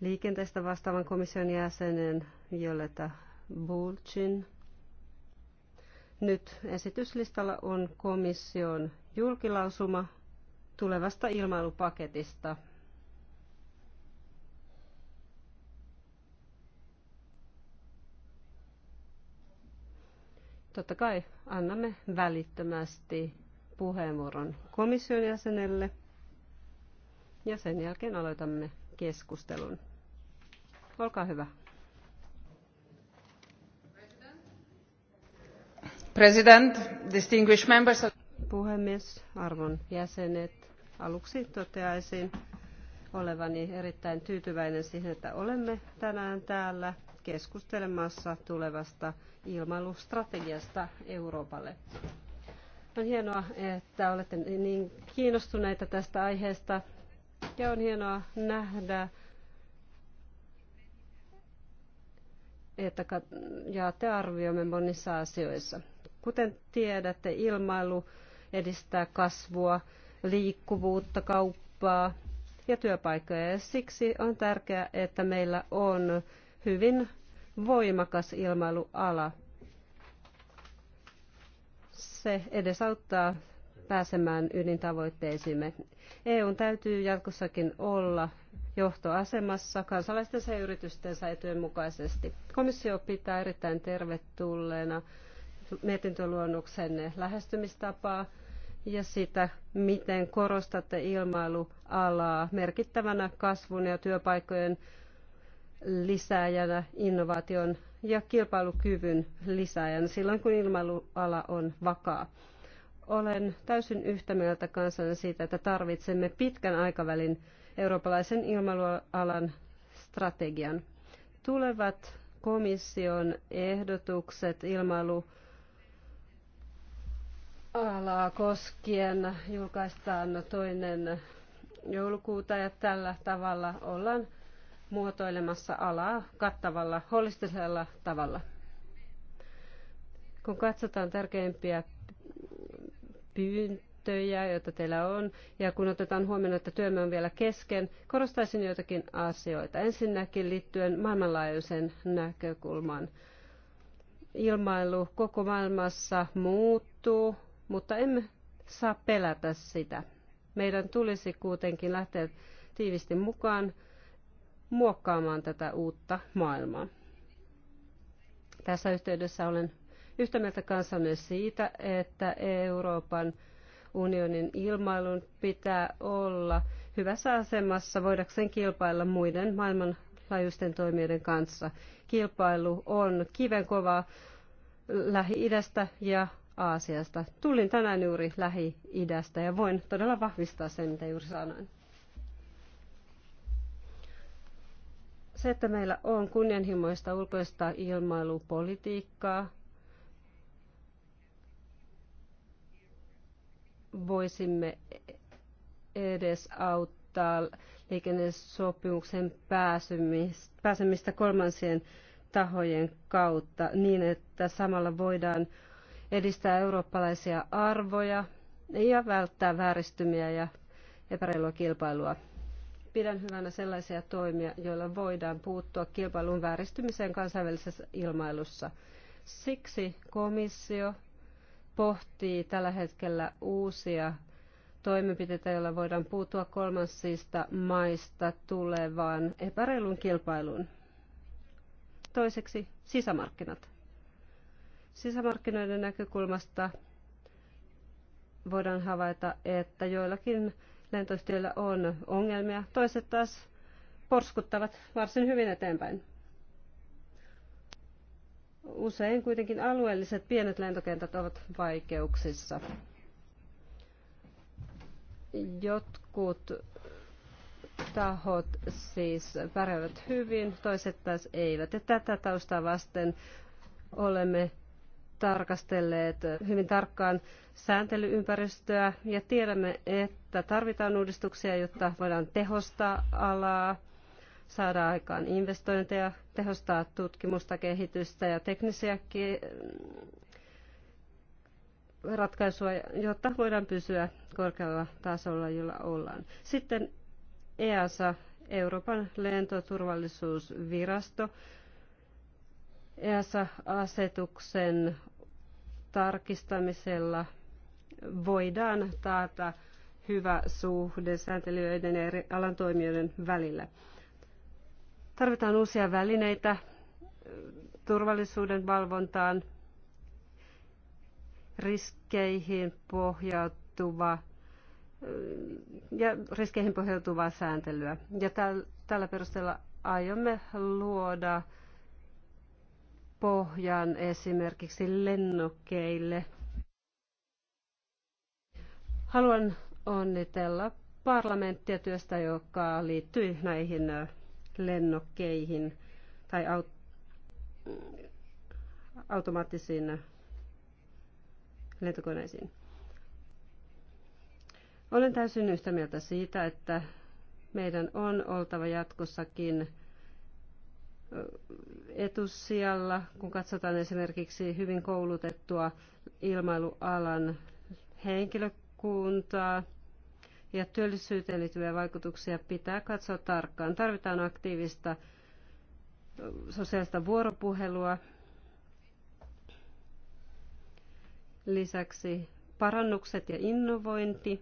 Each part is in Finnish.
liikenteestä vastaavan komission jäsenen Violeta Bulcin. Nyt esityslistalla on komission julkilausuma tulevasta ilmailupaketista. Totta kai annamme välittömästi puheenvuoron komission jäsenelle ja sen jälkeen aloitamme keskustelun. Olkaa hyvä. President, distinguished members of... Puhemies, arvon jäsenet, aluksi toteaisin olevani erittäin tyytyväinen siihen, että olemme tänään täällä keskustelemassa tulevasta ilmailustrategiasta Euroopalle. On hienoa, että olette niin kiinnostuneita tästä aiheesta ja on hienoa nähdä, että, jaatte te arvioimme monissa asioissa. Kuten tiedätte, ilmailu edistää kasvua, liikkuvuutta, kauppaa ja työpaikkoja. Ja siksi on tärkeää, että meillä on hyvin voimakas ilmailuala. Se edesauttaa pääsemään ydintavoitteisiimme. EUn täytyy jatkossakin olla johtoasemassa kansalaistensa ja yritystensä etujen mukaisesti. Komissio pitää erittäin tervetulleena mietintöluonnoksenne lähestymistapaa ja sitä, miten korostatte ilmailualaa merkittävänä kasvun ja työpaikkojen lisääjänä, innovaation ja kilpailukyvyn lisääjänä silloin, kun ilmailuala on vakaa. Olen täysin yhtä mieltä kanssanne siitä, että tarvitsemme pitkän aikavälin eurooppalaisen ilmailualan strategian. Tulevat komission ehdotukset ilmailu alaa koskien julkaistaan toinen joulukuuta ja tällä tavalla ollaan muotoilemassa alaa kattavalla, holistisella tavalla. Kun katsotaan tärkeimpiä pyyntöjä, sääntöjä, joita teillä on, ja kun otetaan huomioon, että työmme on vielä kesken, korostaisin joitakin asioita. Ensinnäkin liittyen maailmanlaajuisen näkökulman. Ilmailu koko maailmassa muuttuu, mutta emme saa pelätä sitä. Meidän tulisi kuitenkin lähteä tiivisti mukaan muokkaamaan tätä uutta maailmaa. Tässä yhteydessä olen yhtä mieltä kanssanne siitä, että Euroopan unionin ilmailun pitää olla hyvässä asemassa voidakseen kilpailla muiden maailmanlaajuisten toimijoiden kanssa. Kilpailu on kivenkovaa Lähi-idästä ja Aasiasta. Tulin tänään juuri Lähi-idästä ja voin todella vahvistaa sen, mitä juuri sanoin. Se, että meillä on kunnianhimoista ulkoista ilmailupolitiikkaa, voisimme edes auttaa liikennesopimuksen pääsymistä, pääsemistä kolmansien tahojen kautta niin, että samalla voidaan edistää eurooppalaisia arvoja ja välttää vääristymiä ja epäreilua kilpailua. Pidän hyvänä sellaisia toimia, joilla voidaan puuttua kilpailun vääristymiseen kansainvälisessä ilmailussa. Siksi komissio pohtii tällä hetkellä uusia toimenpiteitä, joilla voidaan puuttua kolmansista maista tulevaan epäreilun kilpailuun. Toiseksi sisämarkkinat. Sisämarkkinoiden näkökulmasta voidaan havaita, että joillakin lentoyhtiöillä on ongelmia, toiset taas porskuttavat varsin hyvin eteenpäin. Usein kuitenkin alueelliset pienet lentokentät ovat vaikeuksissa. Jotkut tahot siis pärjäävät hyvin, toiset taas eivät. Ja tätä taustaa vasten olemme tarkastelleet hyvin tarkkaan sääntelyympäristöä ja tiedämme, että tarvitaan uudistuksia, jotta voidaan tehostaa alaa saada aikaan investointeja, tehostaa tutkimusta, kehitystä ja teknisiä ratkaisuja, jotta voidaan pysyä korkealla tasolla, jolla ollaan. Sitten EASA, Euroopan lentoturvallisuusvirasto, EASA-asetuksen tarkistamisella voidaan taata hyvä suhde sääntelijöiden ja eri alan toimijoiden välillä. Tarvitaan uusia välineitä turvallisuuden valvontaan, riskeihin pohjautuva ja riskeihin pohjautuvaa sääntelyä. Ja tällä perusteella aiomme luoda pohjan esimerkiksi lennokeille. Haluan onnitella parlamenttia työstä, joka liittyi näihin lennokkeihin tai automaattisiin lentokoneisiin. Olen täysin yhtä mieltä siitä, että meidän on oltava jatkossakin etussijalla, kun katsotaan esimerkiksi hyvin koulutettua ilmailualan henkilökuntaa, ja työllisyyteen liittyviä vaikutuksia pitää katsoa tarkkaan. Tarvitaan aktiivista sosiaalista vuoropuhelua. Lisäksi parannukset ja innovointi.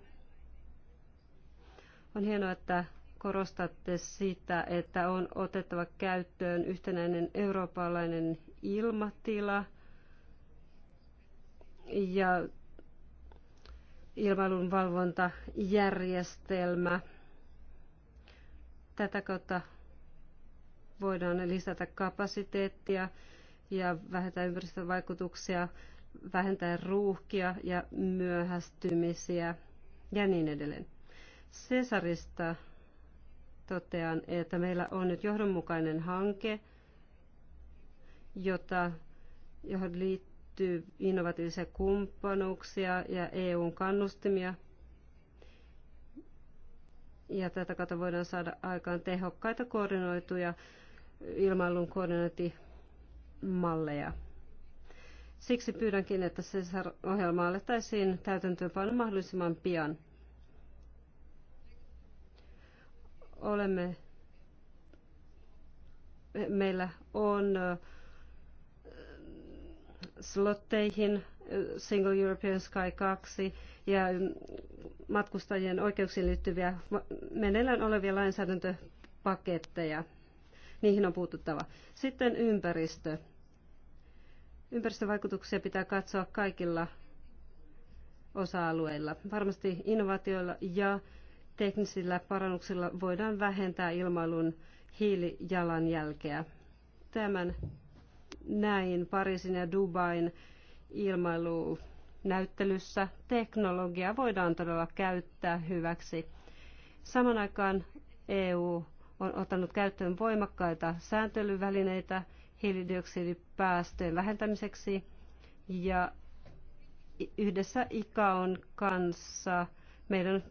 On hienoa, että korostatte sitä, että on otettava käyttöön yhtenäinen eurooppalainen ilmatila ja ilmailunvalvontajärjestelmä. valvontajärjestelmä. Tätä kautta voidaan lisätä kapasiteettia ja vähentää ympäristövaikutuksia, vähentää ruuhkia ja myöhästymisiä ja niin edelleen. Cesarista totean, että meillä on nyt johdonmukainen hanke, jota, johon liittyy liittyy innovatiivisia kumppanuuksia ja EUn kannustimia. Ja tätä kautta voidaan saada aikaan tehokkaita koordinoituja ilmailun koordinointimalleja. Siksi pyydänkin, että csr ohjelma alettaisiin täytäntöönpano mahdollisimman pian. Olemme, meillä on slotteihin, eh, Single European Sky 2 ja mm, matkustajien oikeuksiin liittyviä meneillään olevia lainsäädäntöpaketteja. Niihin on puututtava. Sitten ympäristö. Ympäristövaikutuksia pitää katsoa kaikilla osa-alueilla. Varmasti innovaatioilla ja teknisillä parannuksilla voidaan vähentää ilmailun hiilijalanjälkeä. Tämän näin Pariisin ja Dubain ilmailunäyttelyssä teknologiaa voidaan todella käyttää hyväksi. Saman aikaan EU on ottanut käyttöön voimakkaita sääntelyvälineitä hiilidioksidipäästöjen vähentämiseksi ja yhdessä ICAON kanssa meidän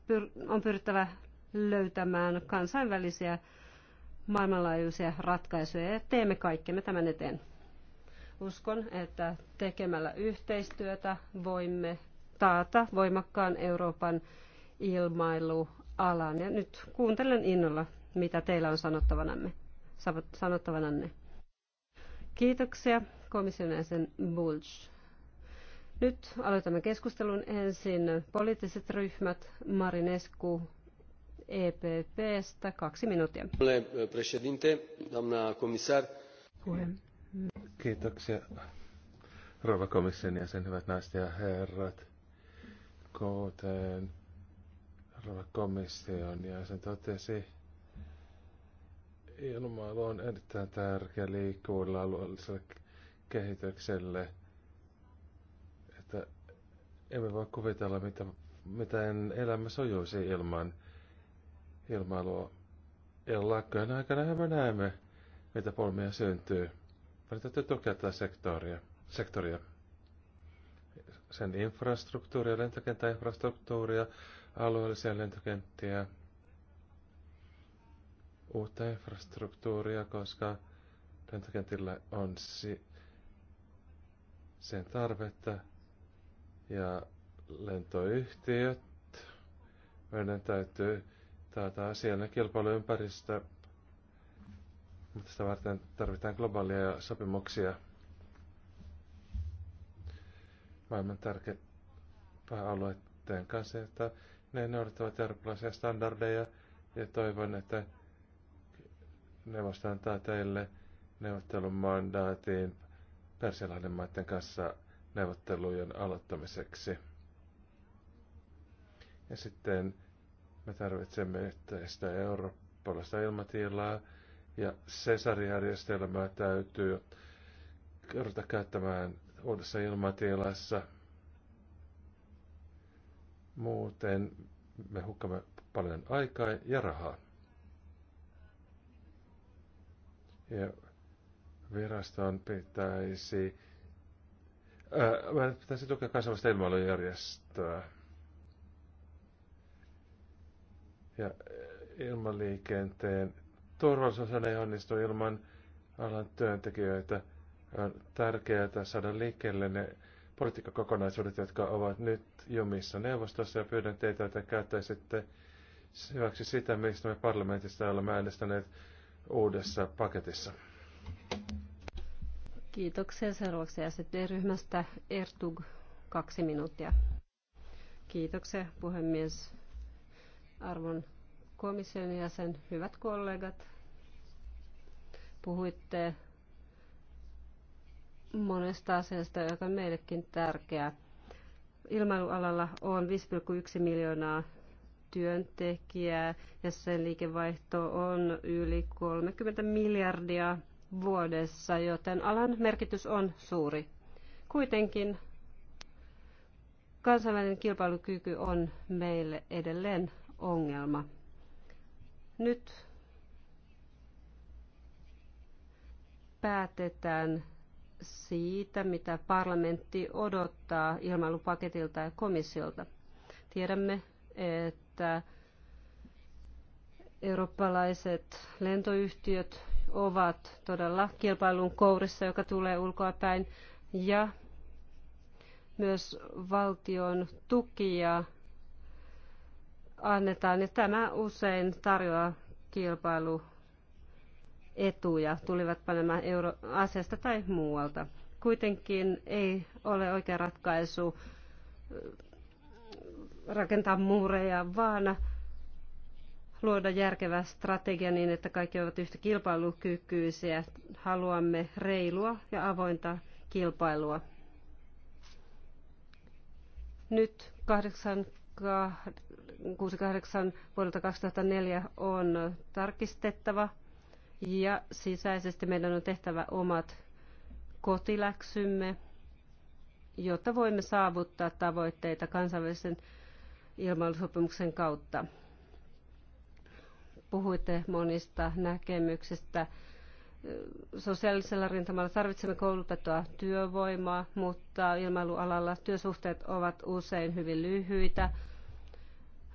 on pyrittävä löytämään kansainvälisiä maailmanlaajuisia ratkaisuja ja teemme kaikkemme tämän eteen. Uskon, että tekemällä yhteistyötä voimme taata voimakkaan Euroopan ilmailualan. Ja nyt kuuntelen innolla, mitä teillä on sanottavananne. sanottavananne. Kiitoksia komission jäsen Bulge. Nyt aloitamme keskustelun ensin poliittiset ryhmät. Marinescu EPPstä kaksi minuuttia. Puhemies Kiitoksia, rouva komission jäsen, hyvät naiset ja herrat. Kuten rouva komission jäsen totesi, ilmailu on erittäin tärkeä liikkuvuudelle alueelliselle kehitykselle. Että emme voi kuvitella, mitä, miten elämä sojuisi ilman ilmailua. Ja lakkojen aikana me näemme, mitä polmia syntyy. Meidän täytyy tukea tätä sektoria, sektoria. Sen infrastruktuuria, lentokenttäinfrastruktuuria, alueellisia lentokenttiä, uutta infrastruktuuria, koska lentokentillä on si- sen tarvetta ja lentoyhtiöt. Meidän täytyy taata asiallinen kilpailuympäristö mutta sitä varten tarvitaan globaalia sopimuksia. Maailman tärkeä pääalueiden kanssa, että ne noudattavat eurooppalaisia standardeja ja toivon, että neuvosto antaa teille neuvottelun mandaatiin Persialahden maiden kanssa neuvottelujen aloittamiseksi. Ja sitten me tarvitsemme yhteistä eurooppalaista ilmatilaa, ja Cesar-järjestelmää täytyy ruveta käyttämään uudessa ilmatilassa. Muuten me hukkamme paljon aikaa ja rahaa. Ja viraston pitäisi, ää, äh, pitäisi tukea kansainvälistä ilmailujärjestöä. Ja äh, ilmaliikenteen turvallisuus ei onnistu ilman alan työntekijöitä. On tärkeää saada liikkeelle ne politiikkakokonaisuudet, jotka ovat nyt jumissa neuvostossa, ja pyydän teitä, että käyttäisitte hyväksi sitä, mistä me parlamentista olemme äänestäneet uudessa paketissa. Kiitoksia. Seuraavaksi SD-ryhmästä Ertug, kaksi minuuttia. Kiitoksia puhemies. Arvon komission jäsen, hyvät kollegat, puhuitte monesta asiasta, joka on meillekin tärkeä. Ilmailualalla on 5,1 miljoonaa työntekijää ja sen liikevaihto on yli 30 miljardia vuodessa, joten alan merkitys on suuri. Kuitenkin kansainvälinen kilpailukyky on meille edelleen ongelma. Nyt päätetään siitä, mitä parlamentti odottaa ilmailupaketilta ja komissiolta. Tiedämme, että eurooppalaiset lentoyhtiöt ovat todella kilpailun kourissa, joka tulee ulkoapäin, ja myös valtion tukia annetaan, ja tämä usein tarjoaa kilpailu etuja, tulivatpa nämä euro- asiasta tai muualta. Kuitenkin ei ole oikea ratkaisu äh, rakentaa muureja, vaan luoda järkevä strategia niin, että kaikki ovat yhtä kilpailukykyisiä. Haluamme reilua ja avointa kilpailua. Nyt 8, 68 vuodelta 2004 on tarkistettava ja sisäisesti meidän on tehtävä omat kotiläksymme, jotta voimme saavuttaa tavoitteita kansainvälisen ilmailusopimuksen kautta. Puhuitte monista näkemyksistä. Sosiaalisella rintamalla tarvitsemme koulutettua työvoimaa, mutta ilmailualalla työsuhteet ovat usein hyvin lyhyitä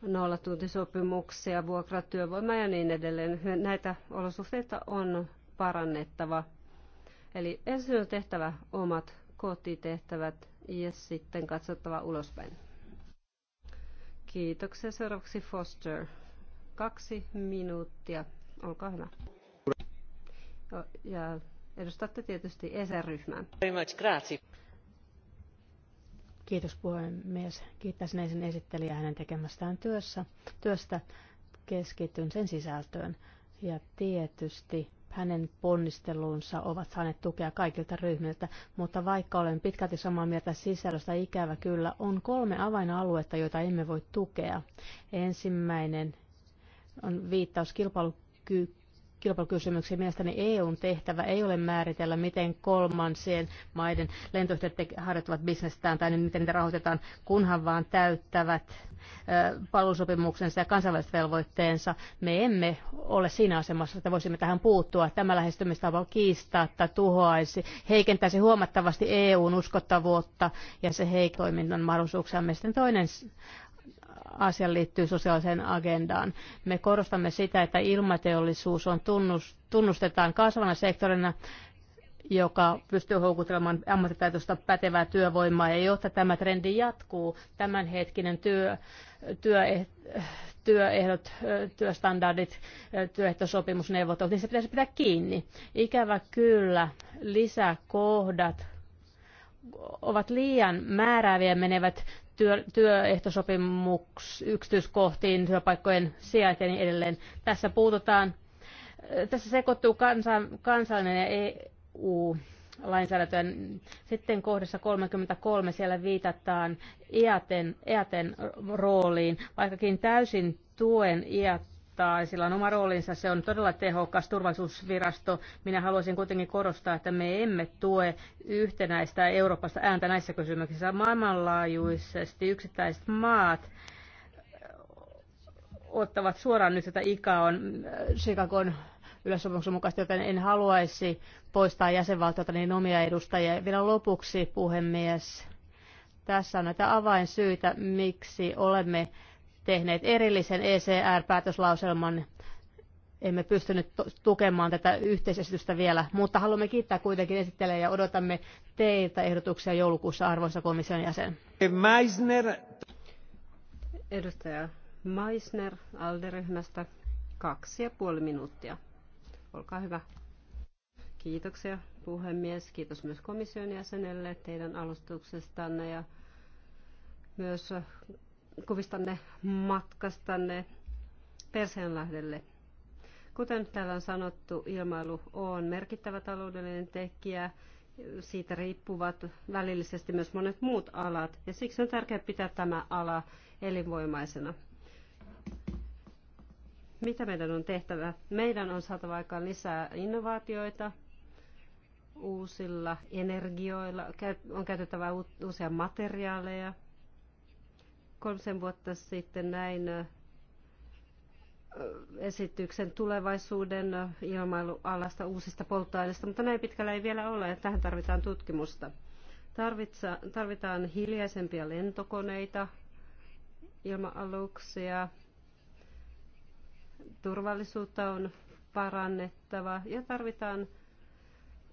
nollatuntisopimuksia, vuokratyövoimaa ja niin edelleen. Näitä olosuhteita on parannettava. Eli ensin on tehtävä omat kotitehtävät ja sitten katsottava ulospäin. Kiitoksia. Seuraavaksi Foster. Kaksi minuuttia. Olkaa hyvä. Ja edustatte tietysti ESR-ryhmää. Kiitos puhemies. Kiittäisin ensin esittelijää hänen tekemästään työssä, työstä. Keskityn sen sisältöön. Ja tietysti hänen ponnisteluunsa ovat saaneet tukea kaikilta ryhmiltä, mutta vaikka olen pitkälti samaa mieltä sisällöstä, ikävä kyllä on kolme avainaluetta, joita emme voi tukea. Ensimmäinen on viittaus kilpailukykyyn kilpailukysymyksiin. Mielestäni EUn tehtävä ei ole määritellä, miten kolmansien maiden lentoyhtiöt harjoittavat bisnestään tai niin miten niitä rahoitetaan, kunhan vaan täyttävät palvelusopimuksensa ja kansainväliset velvoitteensa. Me emme ole siinä asemassa, että voisimme tähän puuttua. Tämä lähestymistapa kiistaa tai tuhoaisi, heikentäisi huomattavasti EUn uskottavuutta ja se heikoimmin on mahdollisuuksia. Mielestäni toinen asia liittyy sosiaaliseen agendaan. Me korostamme sitä, että ilmateollisuus on tunnus, tunnustetaan kasvana sektorina, joka pystyy houkuttelemaan ammattitaitoista pätevää työvoimaa. Ja jotta tämä trendi jatkuu, tämänhetkinen työ, työ, työehdot, työstandardit, työehtosopimusneuvottelut, niin se pitäisi pitää kiinni. Ikävä kyllä, lisäkohdat ovat liian määrääviä menevät työ, työehtosopimuks, yksityiskohtiin, työpaikkojen sijaita ja niin edelleen. Tässä puututaan, äh, tässä sekoittuu kansan, kansallinen ja EU lainsäädäntöön. Sitten kohdassa 33 siellä viitataan IATen, IATen rooliin, vaikkakin täysin tuen IAT vaikuttaa. Sillä on oma roolinsa. Se on todella tehokas turvallisuusvirasto. Minä haluaisin kuitenkin korostaa, että me emme tue yhtenäistä Euroopasta ääntä näissä kysymyksissä. Maailmanlaajuisesti yksittäiset maat ottavat suoraan nyt tätä ICAon, Chicagon yleissopimuksen mukaisesti, joten en haluaisi poistaa jäsenvaltiota niin omia edustajia. Vielä lopuksi, puhemies, tässä on näitä avainsyitä, miksi olemme tehneet erillisen ECR-päätöslauselman. Emme pystynyt tukemaan tätä yhteisesitystä vielä, mutta haluamme kiittää kuitenkin esittelijä ja odotamme teiltä ehdotuksia joulukuussa, arvoisa komission jäsen. Meisner. Edustaja Meisner Alderyhmästä kaksi ja puoli minuuttia. Olkaa hyvä. Kiitoksia puhemies. Kiitos myös komission jäsenelle teidän alustuksestanne ja myös kuvistanne matkastanne Perseenlahdelle. Kuten täällä on sanottu, ilmailu on merkittävä taloudellinen tekijä. Siitä riippuvat välillisesti myös monet muut alat, ja siksi on tärkeää pitää tämä ala elinvoimaisena. Mitä meidän on tehtävä? Meidän on saatava aikaan lisää innovaatioita uusilla energioilla, on käytettävä uusia materiaaleja, kolmisen vuotta sitten näin esityksen tulevaisuuden ilmailualasta uusista polttoaineista, mutta näin pitkällä ei vielä ole. Tähän tarvitaan tutkimusta. Tarvitsa, tarvitaan hiljaisempia lentokoneita, ilma-aluksia, turvallisuutta on parannettava ja tarvitaan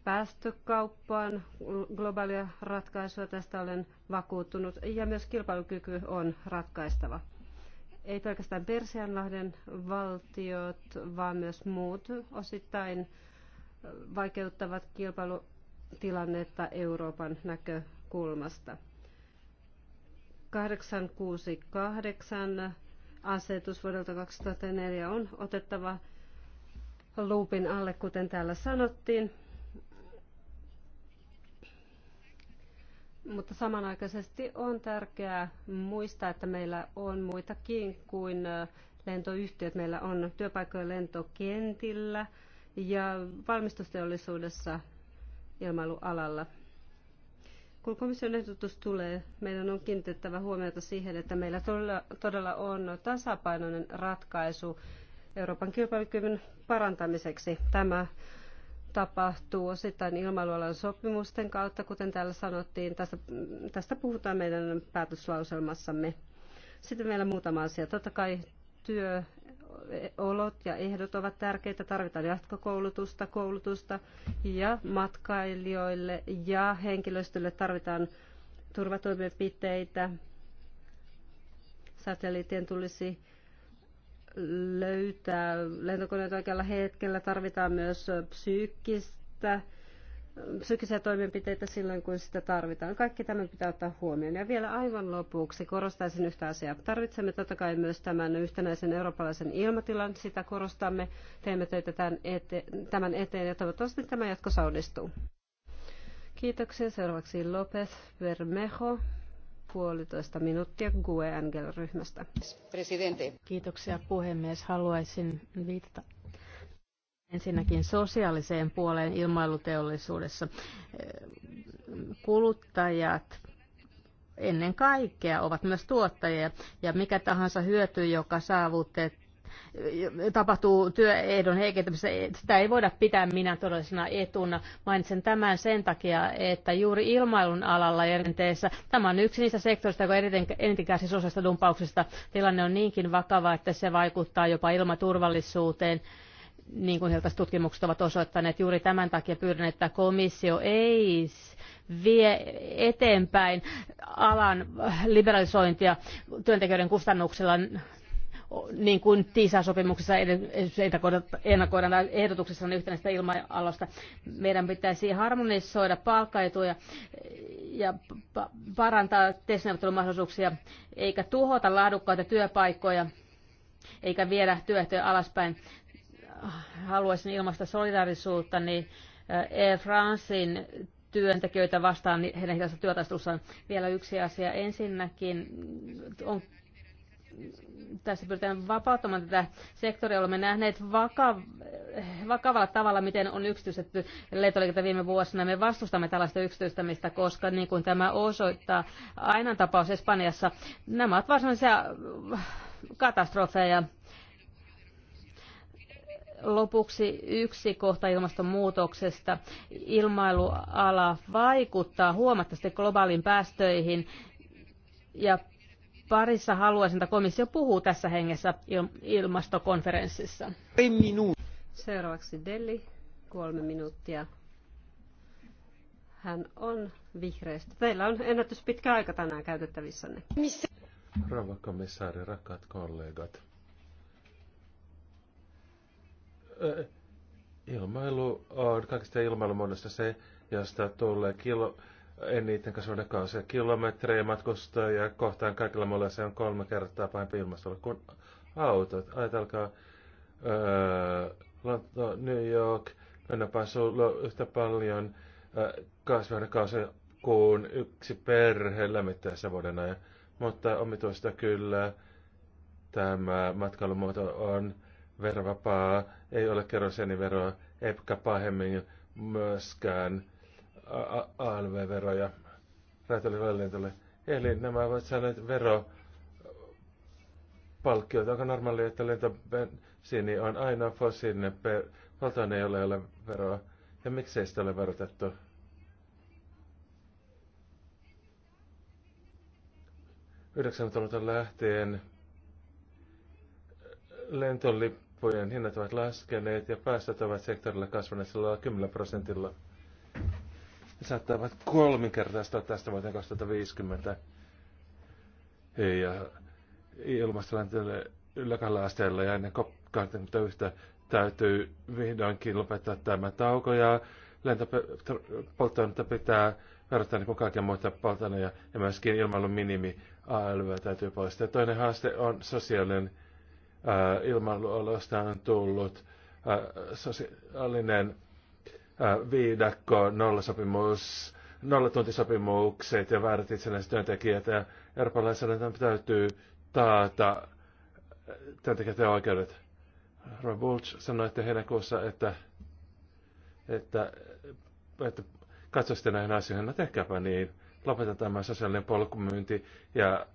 päästökauppaan globaalia ratkaisua, tästä olen vakuuttunut, ja myös kilpailukyky on ratkaistava. Ei pelkästään Persianlahden valtiot, vaan myös muut osittain vaikeuttavat kilpailutilannetta Euroopan näkökulmasta. 868 asetus vuodelta 2004 on otettava luupin alle, kuten täällä sanottiin. Mutta samanaikaisesti on tärkeää muistaa, että meillä on muitakin kuin lentoyhtiöt. Meillä on työpaikkoja lentokentillä ja valmistusteollisuudessa ilmailualalla. Kun komission ehdotus tulee, meidän on kiinnitettävä huomiota siihen, että meillä todella, on tasapainoinen ratkaisu Euroopan kilpailukyvyn parantamiseksi. Tämä tapahtuu osittain ilmailualan sopimusten kautta, kuten täällä sanottiin. Tästä, tästä puhutaan meidän päätöslauselmassamme. Sitten vielä muutama asia. Totta kai työolot ja ehdot ovat tärkeitä. Tarvitaan jatkokoulutusta, koulutusta ja matkailijoille ja henkilöstölle tarvitaan turvatoimenpiteitä. Satelliittien tulisi löytää lentokoneet oikealla hetkellä. Tarvitaan myös psyykkistä, psyykkisiä toimenpiteitä silloin, kun sitä tarvitaan. Kaikki tämä pitää ottaa huomioon. Ja vielä aivan lopuksi korostaisin yhtä asiaa. Tarvitsemme totta kai myös tämän yhtenäisen eurooppalaisen ilmatilan. Sitä korostamme. Teemme töitä tämän eteen, tämän eteen ja toivottavasti tämä jatkossa onnistuu. Kiitoksia. Seuraavaksi Lopez Bermejo puolitoista minuuttia GUE Angel-ryhmästä. Kiitoksia puhemies. Haluaisin viitata ensinnäkin sosiaaliseen puoleen ilmailuteollisuudessa. Kuluttajat ennen kaikkea ovat myös tuottajia ja mikä tahansa hyöty, joka saavutetaan tapahtuu työehdon heikentämistä, sitä ei voida pitää minä todellisena etuna. Mainitsen tämän sen takia, että juuri ilmailun alalla ja tämä on yksi niistä sektoreista, joka eniten, eniten kärsii sosiaalista dumpauksesta. Tilanne on niinkin vakava, että se vaikuttaa jopa ilmaturvallisuuteen niin kuin heiltä tutkimukset ovat osoittaneet, juuri tämän takia pyydän, että komissio ei vie eteenpäin alan liberalisointia työntekijöiden kustannuksella niin kuin TISA-sopimuksessa ennakoidaan ehdotuksessa on yhtenäistä ilma-alasta. Meidän pitäisi harmonisoida palkkaetuja ja parantaa testineuvottelumahdollisuuksia, eikä tuhota laadukkaita työpaikkoja, eikä viedä työehtoja alaspäin. Haluaisin ilmaista solidaarisuutta, niin äh, Air Francein työntekijöitä vastaan niin heidän hitaassa työtaistelussaan. Vielä yksi asia. Ensinnäkin on tässä pyritään vapauttamaan tätä sektoria. Olemme nähneet vaka, vakavalla tavalla, miten on yksityistetty lentoliikennettä viime vuosina. Me vastustamme tällaista yksityistämistä, koska niin kuin tämä osoittaa aina tapaus Espanjassa, nämä ovat varsinaisia äh, katastrofeja. Lopuksi yksi kohta ilmastonmuutoksesta. Ilmailuala vaikuttaa huomattavasti globaaliin päästöihin ja parissa haluaisin, että komissio puhuu tässä hengessä ilmastokonferenssissa. Seuraavaksi Delli, kolme minuuttia. Hän on vihreistä. Teillä on ennätys pitkä aika tänään käytettävissänne. Rouva komissaari, rakkaat kollegat. Ilmailu on kaikista ilmailumuodosta se, josta tulee kilo, eniten kasvaneet kausia kilometrejä ja kohtaan kaikilla muilla se on kolme kertaa pahempi ilmastolle kuin autot. Ajatelkaa öö, Lonto, New York, mennäpä sulla yhtä paljon öö, kasvihuonekausia kuin yksi perhe lämmittäessä vuoden ajan. Mutta omituista kyllä tämä matkailumuoto on verovapaa, ei ole kerosieniveroa, eikä pahemmin myöskään ALV-veroja räätälin välilentolle. Eli nämä ovat saaneet vero palkkiot. Onko normaali, että lentobensiini on aina fossiilinen per, valtainen, ei ole veroa? Ja miksei sitä ole verotettu? luvulta lähtien lentolippujen hinnat ovat laskeneet ja päästöt ovat sektorilla kasvaneet 10 prosentilla ne saattavat kolminkertaistaa tästä vuoteen 2050. Ja ilmastolämpöiselle yläkällä asteella ja ennen COP21 täytyy vihdoinkin lopettaa tämä tauko ja lentopolttoainetta pitää verrattuna niin kuin kaiken muita polttoaineja ja myöskin ilmailun minimi ALV täytyy poistaa. Toinen haaste on sosiaalinen ilmailuolosta on tullut sosiaalinen Äh, viidakko, nollasopimus, nollatuntisopimukset ja väärät itsenäiset työntekijät. Ja Euroopan lainsäädäntöön täytyy taata äh, ja oikeudet. Roy Bulch sanoi, että heinäkuussa, että, että, että katsoisitte näihin asioihin, no tehkääpä niin. Lopetetaan tämä sosiaalinen polkumyynti ja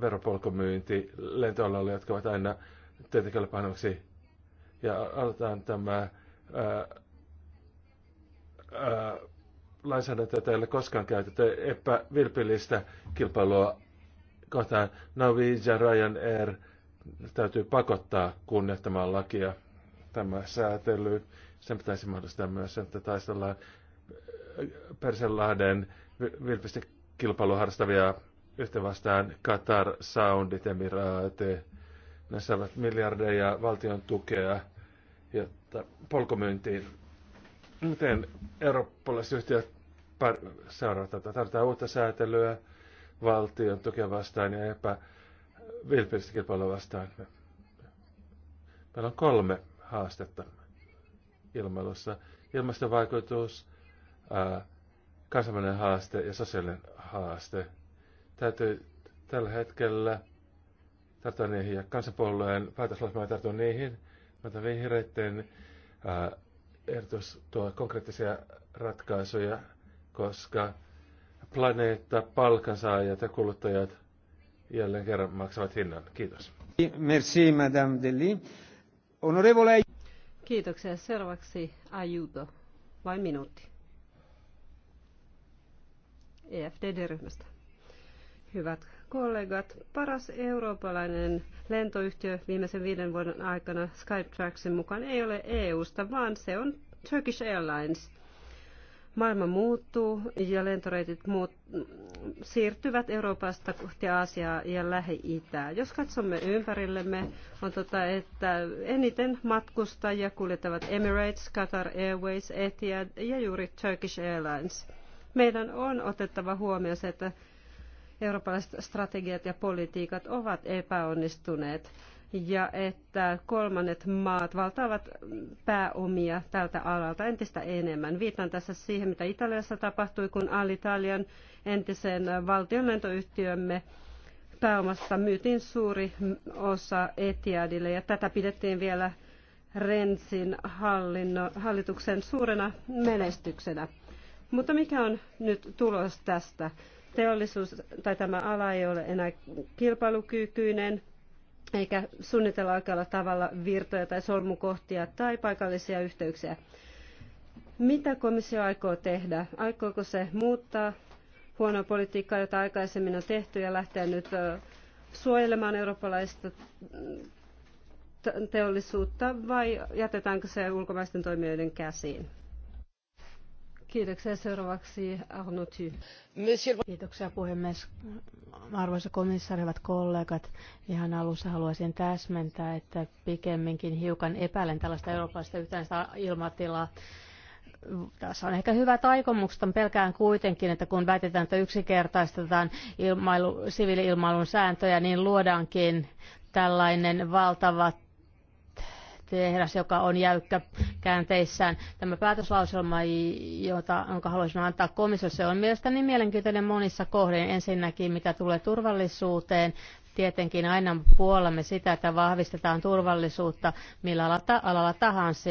veropolkumyynti lentoalalle, jotka ovat aina työntekijöille panoksi. Ja aloitetaan tämä ää, äh, lainsäädäntöä, jota ei ole koskaan käytetty, epävilpillistä kilpailua kohtaan. Norwegian, Ryanair täytyy pakottaa kunnioittamaan lakia tämä säätely. Sen pitäisi mahdollistaa myös, että taistellaan Persenlahden vilpisti kilpailua harrastavia yhteen vastaan Qatar, Soundit, Emirate. Ne saavat miljardeja valtion tukea jotta polkomyyntiin miten eurooppalaiset yhtiöt seuraavat tätä? Tarvitaan uutta säätelyä valtion tukea vastaan ja epävilpillistä kilpailua vastaan. Meillä on kolme haastetta ilmailussa. Ilmastovaikutus, kansainvälinen haaste ja sosiaalinen haaste. Täytyy tällä hetkellä tarttua niihin ja kansanpuolueen päätöslausuma tarttua niihin, mutta vihreiden ää, ehdotus tuo konkreettisia ratkaisuja, koska planeetta, palkansaajat ja kuluttajat jälleen kerran maksavat hinnan. Kiitos. Merci, Madame Deli. Honorevole... Kiitoksia. Seuraavaksi Ajuto. Vain minuutti. EFDD-ryhmästä. Hyvät kollegat, paras eurooppalainen lentoyhtiö viimeisen viiden vuoden aikana Skytraxin mukaan ei ole EUsta, vaan se on Turkish Airlines. Maailma muuttuu ja lentoreitit muut, siirtyvät Euroopasta kohti Aasiaa ja Lähi-Itää. Jos katsomme ympärillemme, on tota, että eniten matkustajia kuljettavat Emirates, Qatar Airways, Etihad ja juuri Turkish Airlines. Meidän on otettava huomioon se, että eurooppalaiset strategiat ja politiikat ovat epäonnistuneet ja että kolmannet maat valtaavat pääomia tältä alalta entistä enemmän. Viitan tässä siihen, mitä Italiassa tapahtui, kun Alitalian entisen valtionlentoyhtiömme pääomasta myytiin suuri osa Etiadille ja tätä pidettiin vielä Rensin hallinno, hallituksen suurena menestyksenä. Mutta mikä on nyt tulos tästä? teollisuus tai tämä ala ei ole enää kilpailukykyinen, eikä suunnitella oikealla tavalla virtoja tai solmukohtia tai paikallisia yhteyksiä. Mitä komissio aikoo tehdä? Aikooko se muuttaa huonoa politiikkaa, jota aikaisemmin on tehty ja lähteä nyt suojelemaan eurooppalaista teollisuutta vai jätetäänkö se ulkomaisten toimijoiden käsiin? Kiitoksia. Seuraavaksi Arnoty. Kiitoksia puhemies. Arvoisa komissaari, hyvät kollegat, ihan alussa haluaisin täsmentää, että pikemminkin hiukan epäilen tällaista eurooppalaista yhtenäistä ilmatilaa. Tässä on ehkä hyvät aikomukset, mutta pelkään kuitenkin, että kun väitetään, että yksinkertaistetaan ilmailu, siviili-ilmailun sääntöjä, niin luodaankin tällainen valtava tehdas, joka on jäykkä käänteissään. Tämä päätöslauselma, jota, jonka haluaisin antaa komissiossa, on mielestäni mielenkiintoinen monissa kohdin. Ensinnäkin, mitä tulee turvallisuuteen, tietenkin aina puolemme sitä, että vahvistetaan turvallisuutta millä alalla tahansa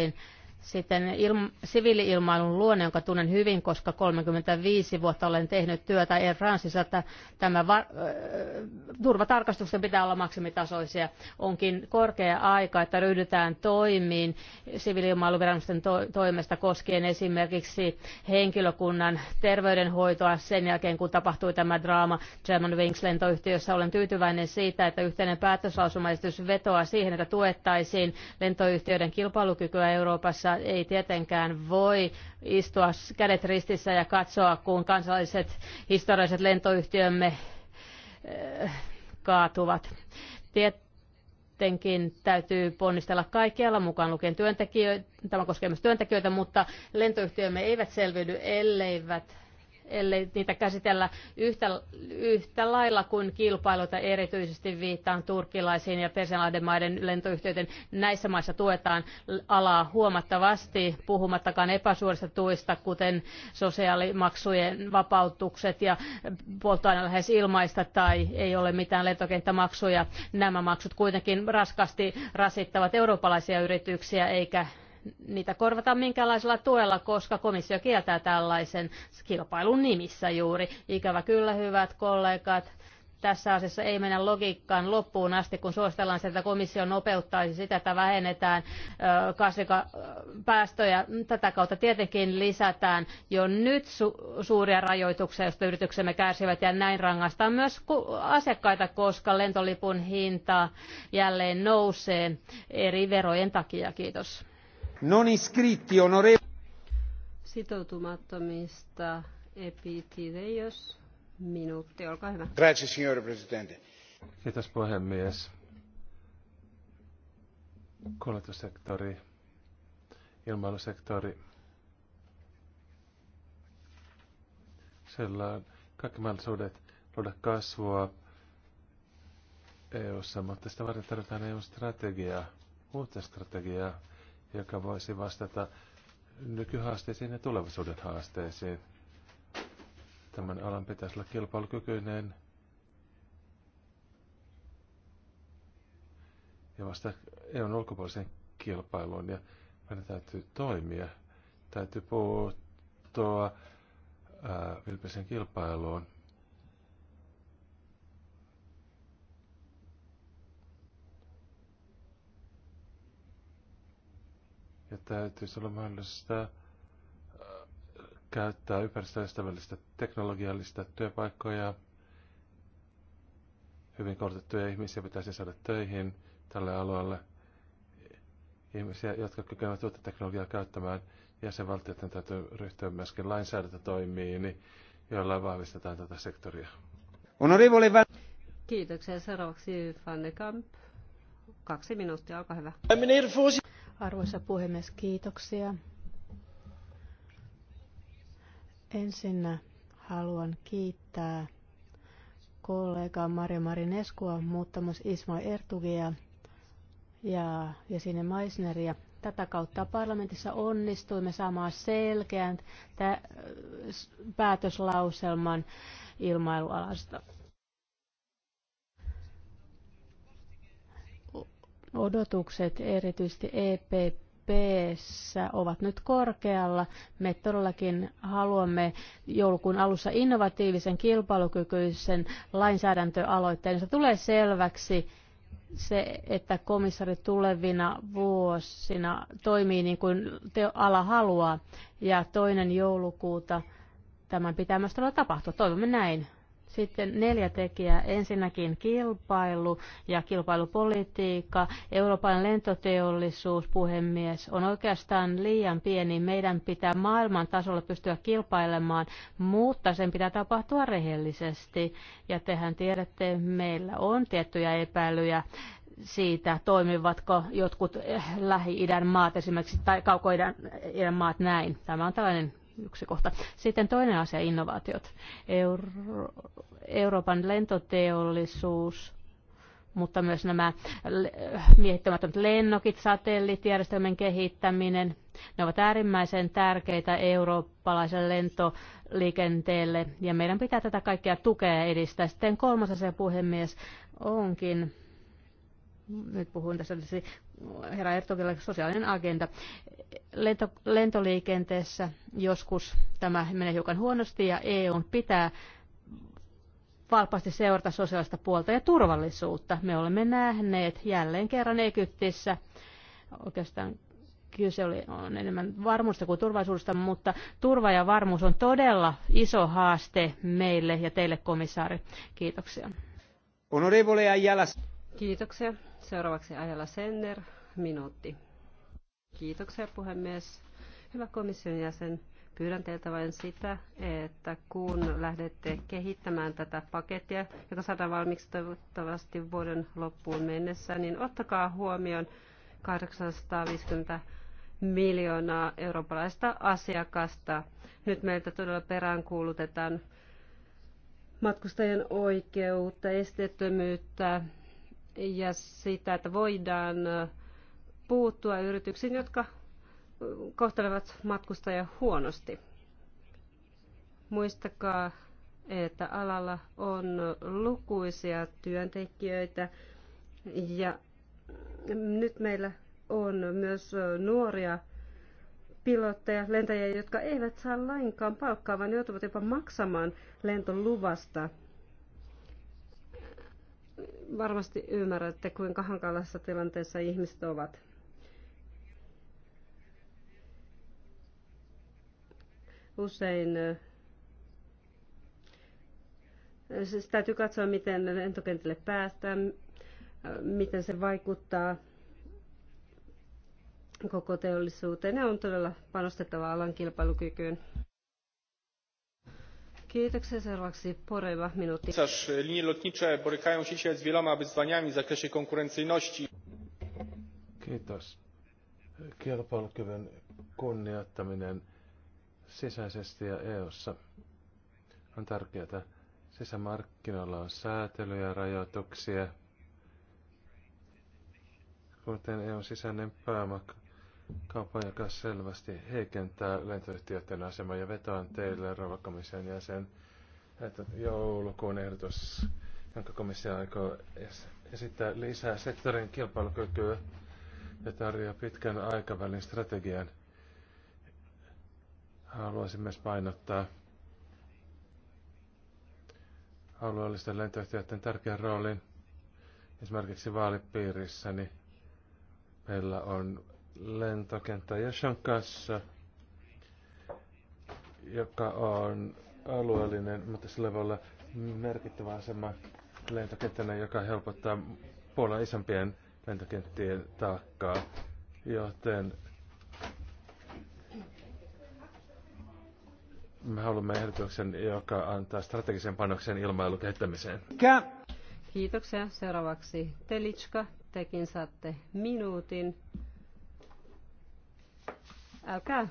sitten ilma, siviiliilmailun luonne, jonka tunnen hyvin, koska 35 vuotta olen tehnyt työtä Air Franceissa, että tämä va- äh, turvatarkastusten pitää olla maksimitasoisia. Onkin korkea aika, että ryhdytään toimiin siviiliilmailuviranomaisten to- toimesta koskien esimerkiksi henkilökunnan terveydenhoitoa sen jälkeen, kun tapahtui tämä draama German Wings lentoyhtiössä. Olen tyytyväinen siitä, että yhteinen päätöslausumaesitys vetoaa siihen, että tuettaisiin lentoyhtiöiden kilpailukykyä Euroopassa Unionissa ei tietenkään voi istua kädet ristissä ja katsoa, kun kansalliset historialliset lentoyhtiömme eh, kaatuvat. Tietenkin täytyy ponnistella kaikkialla mukaan lukien työntekijöitä, tämä koskee myös työntekijöitä, mutta lentoyhtiömme eivät selviydy, elleivät ellei niitä käsitellä yhtä, yhtä lailla kuin kilpailuita, erityisesti viittaan turkkilaisiin ja persialaiden maiden lentoyhtiöiden. Näissä maissa tuetaan alaa huomattavasti, puhumattakaan epäsuorista tuista, kuten sosiaalimaksujen vapautukset ja polttoaine lähes ilmaista tai ei ole mitään lentokenttämaksuja. Nämä maksut kuitenkin raskaasti rasittavat eurooppalaisia yrityksiä eikä niitä korvata minkälaisella tuella, koska komissio kieltää tällaisen kilpailun nimissä juuri. Ikävä kyllä, hyvät kollegat, tässä asiassa ei mennä logiikkaan loppuun asti, kun suositellaan sitä, että komissio nopeuttaisi sitä, että vähennetään kasvipäästöjä. Tätä kautta tietenkin lisätään jo nyt su- suuria rajoituksia, joista yrityksemme kärsivät, ja näin rangaistaan myös asiakkaita, koska lentolipun hinta jälleen nousee eri verojen takia. Kiitos. Non iscritti onorevoli. Sitoutumattomista epitideios. Minuutti, olkaa hyvä. Grazie, signore presidente. Kiitos puhemies. Kuljetussektori, ilmailusektori, siellä on kaikki mahdollisuudet luoda kasvua EU-ssa, mutta sitä varten tarvitaan EU-strategiaa, uutta strategiaa joka voisi vastata nykyhaasteisiin ja tulevaisuuden haasteisiin. Tämän alan pitäisi olla kilpailukykyinen ja vasta EUn ulkopuoliseen kilpailuun. Ja meidän täytyy toimia. Täytyy puuttua vilpisen kilpailuun ja täytyisi olla mahdollista äh, käyttää ympäristöystävällistä teknologiallista työpaikkoja. Hyvin koulutettuja ihmisiä pitäisi saada töihin tälle alueelle. Ihmisiä, jotka kykenevät uutta teknologiaa käyttämään, jäsenvaltioiden täytyy ryhtyä myöskin lainsäädäntötoimiin, joilla vahvistetaan tätä sektoria. Honorevole Kiitoksia. Seuraavaksi Fanny Kamp. Kaksi minuuttia, olkaa hyvä. Meneer Arvoisa puhemies, kiitoksia. Ensin haluan kiittää kollega Maria Marineskua, mutta myös Ismail Ertugia ja Jesine Maisneria. Tätä kautta parlamentissa onnistuimme saamaan selkeän päätöslauselman ilmailualasta. odotukset erityisesti EPPssä ovat nyt korkealla. Me todellakin haluamme joulukuun alussa innovatiivisen kilpailukykyisen lainsäädäntöaloitteen, josta tulee selväksi se, että komissari tulevina vuosina toimii niin kuin te ala haluaa ja toinen joulukuuta tämän pitää myös tapahtua. Toivomme näin. Sitten neljä tekijää. Ensinnäkin kilpailu ja kilpailupolitiikka. Euroopan lentoteollisuus, puhemies, on oikeastaan liian pieni. Meidän pitää maailman tasolla pystyä kilpailemaan, mutta sen pitää tapahtua rehellisesti. Ja tehän tiedätte, meillä on tiettyjä epäilyjä siitä, toimivatko jotkut eh, Lähi-idän maat esimerkiksi tai Kauko-idän maat näin. Tämä on tällainen yksi kohta. Sitten toinen asia, innovaatiot. Euro- Euroopan lentoteollisuus mutta myös nämä miehittämättömät lennokit, satelliittijärjestelmän kehittäminen, ne ovat äärimmäisen tärkeitä eurooppalaiselle lentoliikenteelle ja meidän pitää tätä kaikkea tukea ja edistää. Sitten kolmas asia puhemies onkin, nyt puhun tässä herra Ertogille sosiaalinen agenda. Lento, lentoliikenteessä joskus tämä menee hiukan huonosti ja EU pitää valpaasti seurata sosiaalista puolta ja turvallisuutta. Me olemme nähneet jälleen kerran Egyptissä, oikeastaan kyse oli, on enemmän varmuudesta kuin turvallisuudesta, mutta turva ja varmuus on todella iso haaste meille ja teille komissaari. Kiitoksia. Honorevole Ayala. Kiitoksia. Seuraavaksi Ajala Senner, minuutti. Kiitoksia puhemies. Hyvä komission jäsen, pyydän teiltä vain sitä, että kun lähdette kehittämään tätä pakettia, joka saadaan valmiiksi toivottavasti vuoden loppuun mennessä, niin ottakaa huomioon 850 miljoonaa eurooppalaista asiakasta. Nyt meiltä todella peräänkuulutetaan matkustajien oikeutta, esteettömyyttä, ja sitä, että voidaan puuttua yrityksiin, jotka kohtelevat matkustajia huonosti. Muistakaa, että alalla on lukuisia työntekijöitä ja nyt meillä on myös nuoria pilotteja, lentäjiä, jotka eivät saa lainkaan palkkaa, vaan joutuvat jopa maksamaan lentoluvasta varmasti ymmärrätte, kuinka hankalassa tilanteessa ihmiset ovat. Usein siis täytyy katsoa, miten lentokentille päästään, miten se vaikuttaa koko teollisuuteen ja on todella panostettava alan kilpailukykyyn. Linie lotnicze borykają się dzisiaj z wieloma wyzwaniami w zakresie konkurencyjności. Kiitos. Kilpailukyvyn kunnioittaminen sisäisesti ja EU:ssa on tärkeää. Sisämarkkinoilla on säätelyjä ja rajoituksia, kuten EUn sisäinen pääoma kaupan, kanssa selvästi heikentää lentoyhtiöiden asemaa ja vetoan teille, ravakomission jäsen, että joulukuun ehdotus, jonka komissio aikoo esittää lisää sektorin kilpailukykyä ja tarjoaa pitkän aikavälin strategian. Haluaisin myös painottaa alueellisten lentoyhtiöiden tärkeän roolin esimerkiksi vaalipiirissäni. Niin meillä on lentokenttä kanssa, joka on alueellinen, mutta sillä voi olla merkittävä asema lentokenttänä, joka helpottaa Puolan isompien lentokenttien taakkaa, joten me haluamme ehdotuksen, joka antaa strategisen panoksen ilmailukehittämiseen. Kiitoksia. Seuraavaksi Telitska. Tekin saatte minuutin. Älkää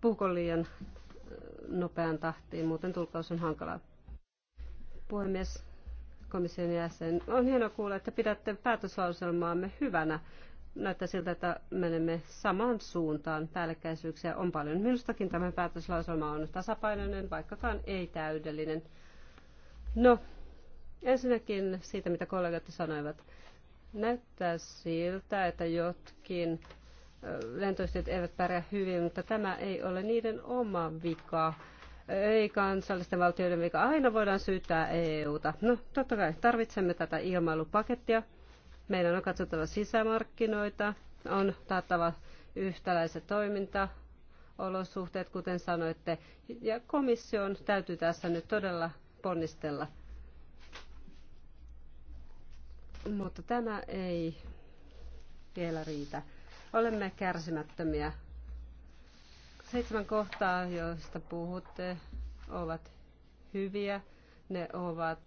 puhuko liian äh, nopean tahtiin, muuten tulkaus on hankalaa. Puhemies, komission jäsen, on hienoa kuulla, että pidätte päätöslauselmaamme hyvänä. Näyttää siltä, että menemme samaan suuntaan. Päällekkäisyyksiä on paljon. Minustakin tämä päätöslauselma on tasapainoinen, vaikkakaan ei täydellinen. No, ensinnäkin siitä, mitä kollegat sanoivat. Näyttää siltä, että jotkin lentoyhtiöt eivät pärjää hyvin, mutta tämä ei ole niiden oma vika. Ei kansallisten valtioiden vika. Aina voidaan syyttää EUta. No, totta kai tarvitsemme tätä ilmailupakettia. Meidän on katsottava sisämarkkinoita, on taattava yhtäläiset toimintaolosuhteet, kuten sanoitte. Ja komission täytyy tässä nyt todella ponnistella. Mutta tämä ei vielä riitä. Olemme kärsimättömiä. Seitsemän kohtaa, joista puhutte, ovat hyviä. Ne ovat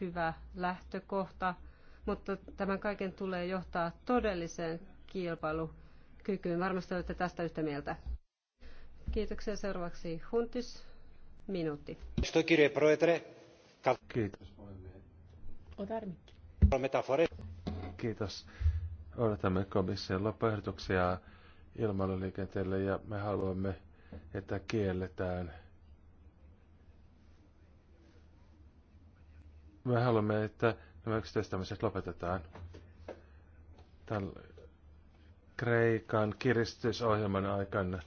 hyvä lähtökohta, mutta tämän kaiken tulee johtaa todelliseen kilpailukykyyn. Varmasti olette tästä yhtä mieltä. Kiitoksia. Seuraavaksi Huntis, minuutti. Kiitos. Kiitos. Odotamme komission loppuehdotuksia ilmailuliikenteelle ja me haluamme, että kielletään. Me haluamme, että nämä yksityistämiset lopetetaan. Tämän Kreikan kiristysohjelman aikana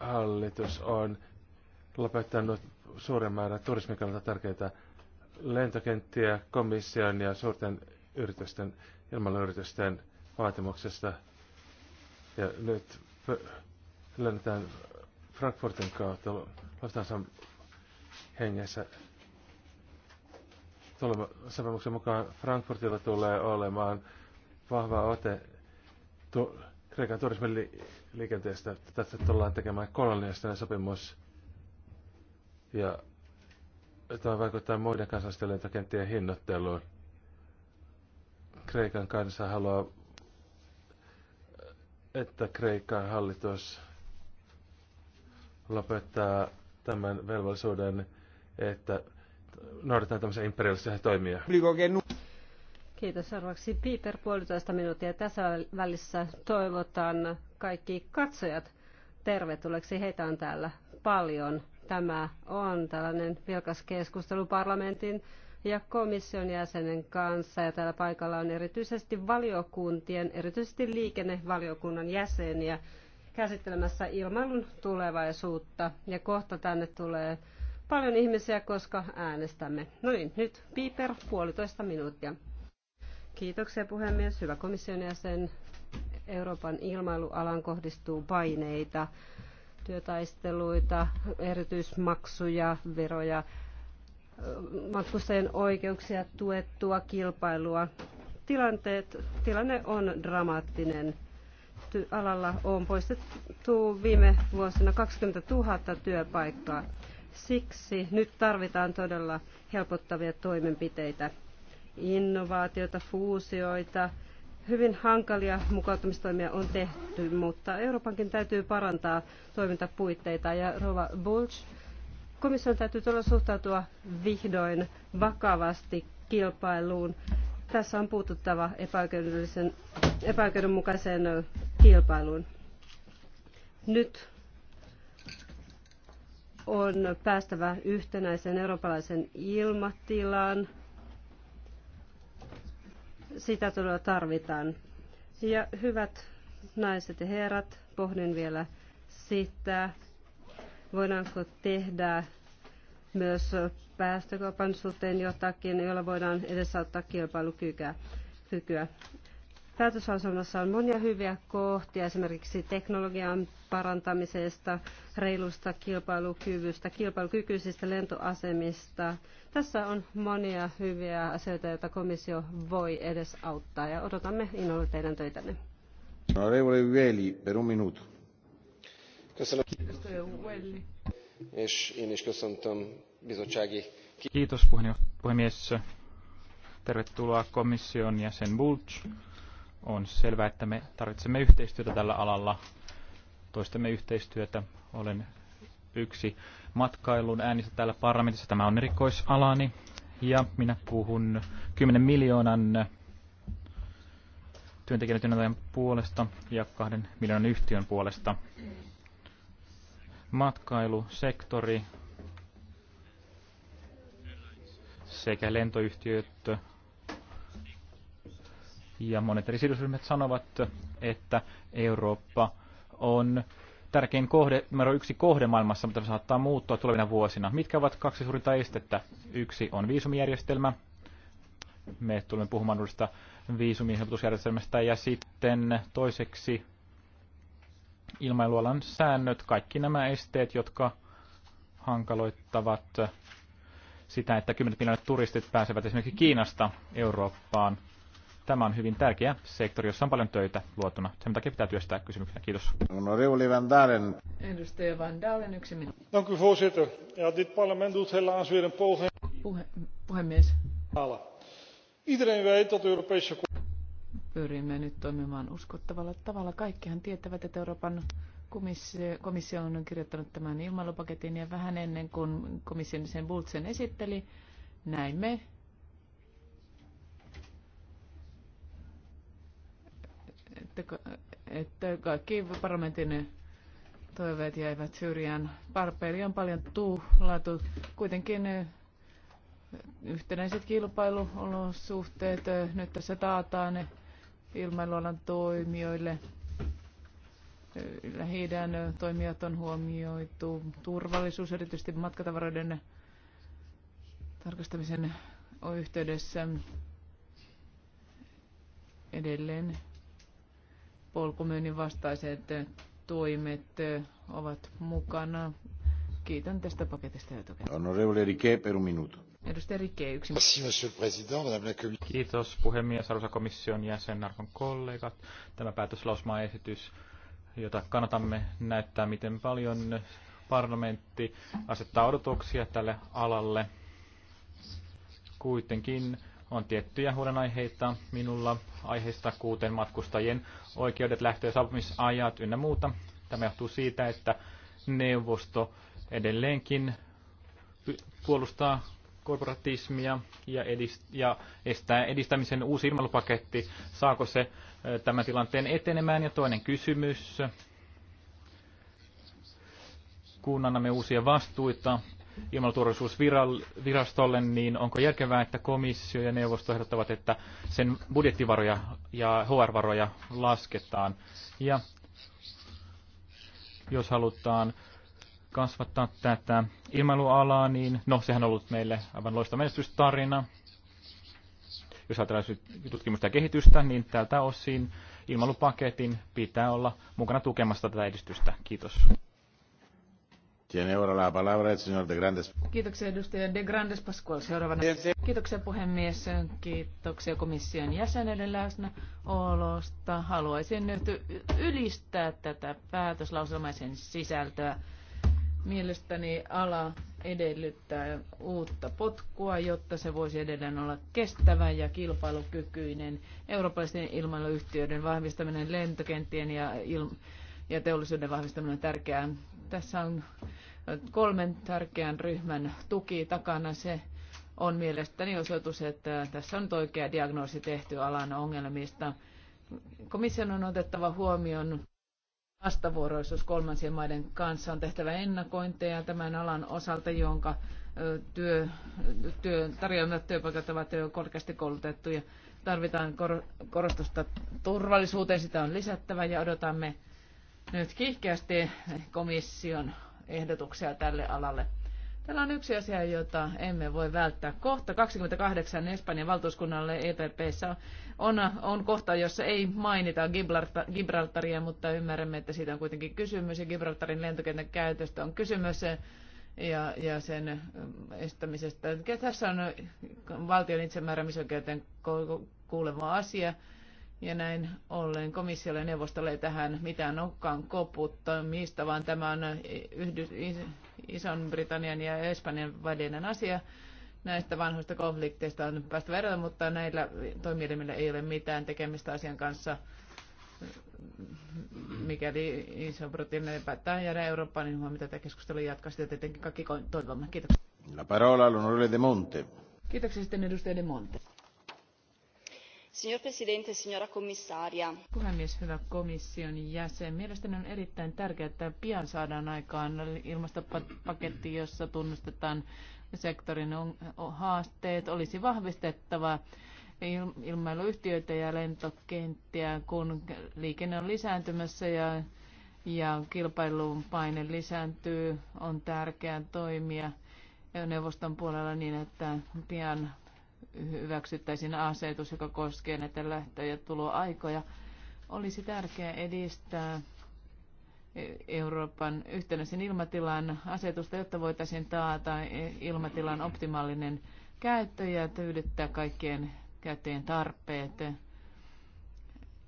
hallitus on lopettanut suuren määrän turismin kannalta tärkeitä lentokenttiä komission ja suurten yritysten, ilmailuyritysten vaatimuksesta. Ja nyt lennetään Frankfurtin kautta Lufthansan hengessä. Tulema, sopimuksen mukaan Frankfurtilla tulee olemaan vahva ote tu, Kreikan liikenteestä Tästä tullaan tekemään kolonialistinen sopimus. Ja Tämä vaikuttaa muiden kansallisten kenttien hinnoitteluun. Kreikan kansa haluaa, että Kreikan hallitus lopettaa tämän velvollisuuden, että noudatetaan tämmöisiä imperialistisia toimia. Kiitos. Seuraavaksi Piper puolitoista minuuttia. Tässä välissä toivotan kaikki katsojat tervetulleeksi. Heitä on täällä paljon tämä on tällainen vilkas keskustelu parlamentin ja komission jäsenen kanssa. Ja täällä paikalla on erityisesti valiokuntien, erityisesti liikennevaliokunnan jäseniä käsittelemässä ilmailun tulevaisuutta. Ja kohta tänne tulee paljon ihmisiä, koska äänestämme. No niin, nyt piiper puolitoista minuuttia. Kiitoksia puhemies. Hyvä komission jäsen. Euroopan ilmailualan kohdistuu paineita työtaisteluita, erityismaksuja, veroja, matkustajien oikeuksia, tuettua kilpailua. Tilanteet, tilanne on dramaattinen. Alalla on poistettu viime vuosina 20 000 työpaikkaa. Siksi nyt tarvitaan todella helpottavia toimenpiteitä, innovaatioita, fuusioita, Hyvin hankalia mukautumistoimia on tehty, mutta Euroopankin täytyy parantaa toimintapuitteita. Ja Rova Bulge, komission täytyy todella suhtautua vihdoin vakavasti kilpailuun. Tässä on puututtava epäoikeudenmukaiseen kilpailuun. Nyt on päästävä yhtenäisen eurooppalaisen ilmatilaan – sitä todella tarvitaan. Ja hyvät naiset ja herrat, pohdin vielä sitä, voidaanko tehdä myös päästökaupan suhteen jotakin, jolla voidaan edesauttaa kilpailukykyä. Päätöslauselmassa on monia hyviä kohtia, esimerkiksi teknologian parantamisesta, reilusta kilpailukyvystä, kilpailukykyisistä lentoasemista. Tässä on monia hyviä asioita, joita komissio voi edes auttaa ja odotamme innolla teidän töitänne. Onorevole Veli, per un minuto. Kiitos puhemies. Tervetuloa komission jäsen Bulch on selvää, että me tarvitsemme yhteistyötä tällä alalla, toistemme yhteistyötä. Olen yksi matkailun äänistä täällä parlamentissa. Tämä on erikoisalani ja minä puhun 10 miljoonan työntekijän puolesta ja kahden miljoonan yhtiön puolesta. Matkailusektori sekä lentoyhtiöt ja monet eri sidosryhmät sanovat, että Eurooppa on tärkein kohde, numero yksi kohde maailmassa, mutta se saattaa muuttua tulevina vuosina. Mitkä ovat kaksi suurinta estettä? Yksi on viisumijärjestelmä. Me tulemme puhumaan uudesta viisumihelpotusjärjestelmästä ja sitten toiseksi ilmailualan säännöt, kaikki nämä esteet, jotka hankaloittavat sitä, että kymmenet miljoonat turistit pääsevät esimerkiksi Kiinasta Eurooppaan Tämä on hyvin tärkeä sektori, jossa on paljon töitä luotuna. Sen takia pitää työstää kysymyksiä. Kiitos. Honorable Van Dalen. Edustaja Van Dalen, yksi minuutti. Dank u voorzitter. Ja, dit parlement doet helaas weer een poging. Puhe, puhemies. Iedereen weet dat Europese pyrimme nyt toimimaan uskottavalla tavalla. Kaikkihan tietävät, että Euroopan komissio on kirjoittanut tämän ilmailupaketin ja vähän ennen kuin komission sen Bultsen esitteli, näimme että, että kaikki parlamentin toiveet jäivät syrjään. Parpeili on paljon tuhlattu. Kuitenkin eh, yhtenäiset kilpailuolosuhteet eh, nyt tässä taataan eh, ilmailualan toimijoille. heidän toimijat on huomioitu. Turvallisuus, erityisesti matkatavaroiden tarkastamisen yhteydessä edelleen polkumyynnin vastaiset toimet ovat mukana. Kiitän tästä paketista etukäteen. Honorable Riquet per un minuto. Edustaja Riquet, yksi Kiitos puhemies, arvoisa komission jäsen, arvon kollegat. Tämä päätöslausmaesitys, jota kannatamme, näyttää miten paljon parlamentti asettaa odotuksia tälle alalle. Kuitenkin on tiettyjä huolenaiheita minulla aiheista, kuten matkustajien oikeudet, lähtö- ja saapumisajat ynnä muuta. Tämä johtuu siitä, että neuvosto edelleenkin puolustaa korporatismia ja, edist- ja estää edistämisen uusi ilmailupaketti. Saako se tämän tilanteen etenemään? Ja toinen kysymys. Kun annamme uusia vastuita ilmailuturvallisuusvirastolle, niin onko järkevää, että komissio ja neuvosto ehdottavat, että sen budjettivaroja ja HR-varoja lasketaan? Ja jos halutaan kasvattaa tätä ilmailualaa, niin no sehän on ollut meille aivan loista menestystarina. Jos ajatellaan tutkimusta ja kehitystä, niin tältä osin ilmailupaketin pitää olla mukana tukemassa tätä edistystä. Kiitos. Tiene ahora la palabra el señor de Grandes. Kiitoksia edustaja de Grandes Pascual seuraavana. Kiitoksia puhemies, kiitoksia komission jäsenelle läsnäolosta. Haluaisin nyt ylistää tätä päätöslauselmaisen sisältöä. Mielestäni ala edellyttää uutta potkua, jotta se voisi edelleen olla kestävä ja kilpailukykyinen. Eurooppalaisten ilmailuyhtiöiden vahvistaminen lentokenttien ja, il- ja teollisuuden vahvistaminen on tärkeää tässä on kolmen tärkeän ryhmän tuki takana. Se on mielestäni osoitus, että tässä on oikea diagnoosi tehty alan ongelmista. Komission on otettava huomioon vastavuoroisuus kolmansien maiden kanssa. On tehtävä ennakointeja tämän alan osalta, jonka työ, työ, tarjoamat työpaikat ovat jo korkeasti koulutettuja. Tarvitaan korostusta turvallisuuteen, sitä on lisättävä ja odotamme nyt kiihkeästi komission ehdotuksia tälle alalle. Täällä on yksi asia, jota emme voi välttää. Kohta 28 Espanjan valtuuskunnalle EPPssä on, on kohta, jossa ei mainita Gibraltaria, mutta ymmärrämme, että siitä on kuitenkin kysymys ja Gibraltarin lentokentän käytöstä on kysymys ja, ja sen mm, estämisestä. Tässä on valtion itsemääräämisoikeuteen kuulema asia ja näin ollen komissiolle ja neuvostolle ei tähän mitään nokkaan koputtamista, vaan tämä on eh, Yhdys- Ison-Britannian ja Espanjan välinen asia. Näistä vanhoista konflikteista on päästä verran, mutta näillä toimielimillä ei ole mitään tekemistä asian kanssa. Mikäli Iso-Britannia päättää jäädä Eurooppaan, niin huomioon tätä keskustelua jatkaa sitä tietenkin kaikki toivomme. Kiitoksia. La parola all'onorevole De Monte. Kiitoksia sitten edustaja De Monte. Signor Presidente, signora commissaria. Puhemies, hyvä komission jäsen. Mielestäni on erittäin tärkeää, että pian saadaan aikaan ilmastopaketti, jossa tunnustetaan sektorin haasteet. Olisi vahvistettava ilmailuyhtiöitä ja lentokenttiä, kun liikenne on lisääntymässä ja, ja kilpailun paine lisääntyy, on tärkeää toimia neuvoston puolella niin, että pian hyväksyttäisiin asetus, joka koskee näitä lähtö- ja tuloaikoja, olisi tärkeää edistää Euroopan yhtenäisen ilmatilan asetusta, jotta voitaisiin taata ilmatilan optimaalinen käyttö ja tyydyttää kaikkien käyttäjien tarpeet.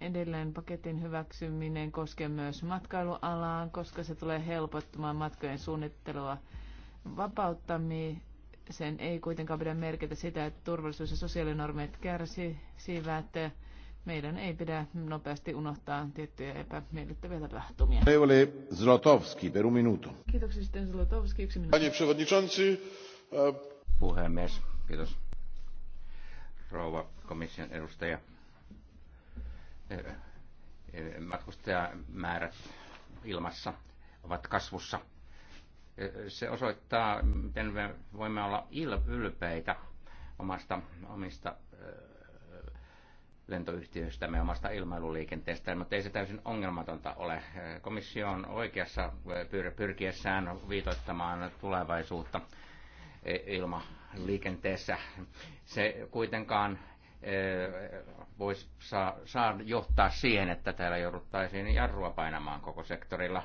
Edelleen paketin hyväksyminen koskee myös matkailualaa, koska se tulee helpottamaan matkojen suunnittelua vapauttami, sen ei kuitenkaan pidä merkitä sitä, että turvallisuus- ja sosiaalinormit kärsivät. Meidän ei pidä nopeasti unohtaa tiettyjä epämiellyttäviä tapahtumia. Ole Zlotowski, per un minuto. Kiitoksia sitten Zlotowski, yksi minuutti. Panie przewodniczący. E, Puhemies, kiitos. Rouva komission edustaja. E, e, matkustajamäärät ilmassa ovat kasvussa se osoittaa, miten me voimme olla ylpeitä omasta, omista lentoyhtiöistämme omasta ilmailuliikenteestä, mutta ei se täysin ongelmatonta ole. Komissio on oikeassa pyrkiessään viitoittamaan tulevaisuutta ilmaliikenteessä. Se kuitenkaan voisi saa, saa johtaa siihen, että täällä jouduttaisiin jarrua painamaan koko sektorilla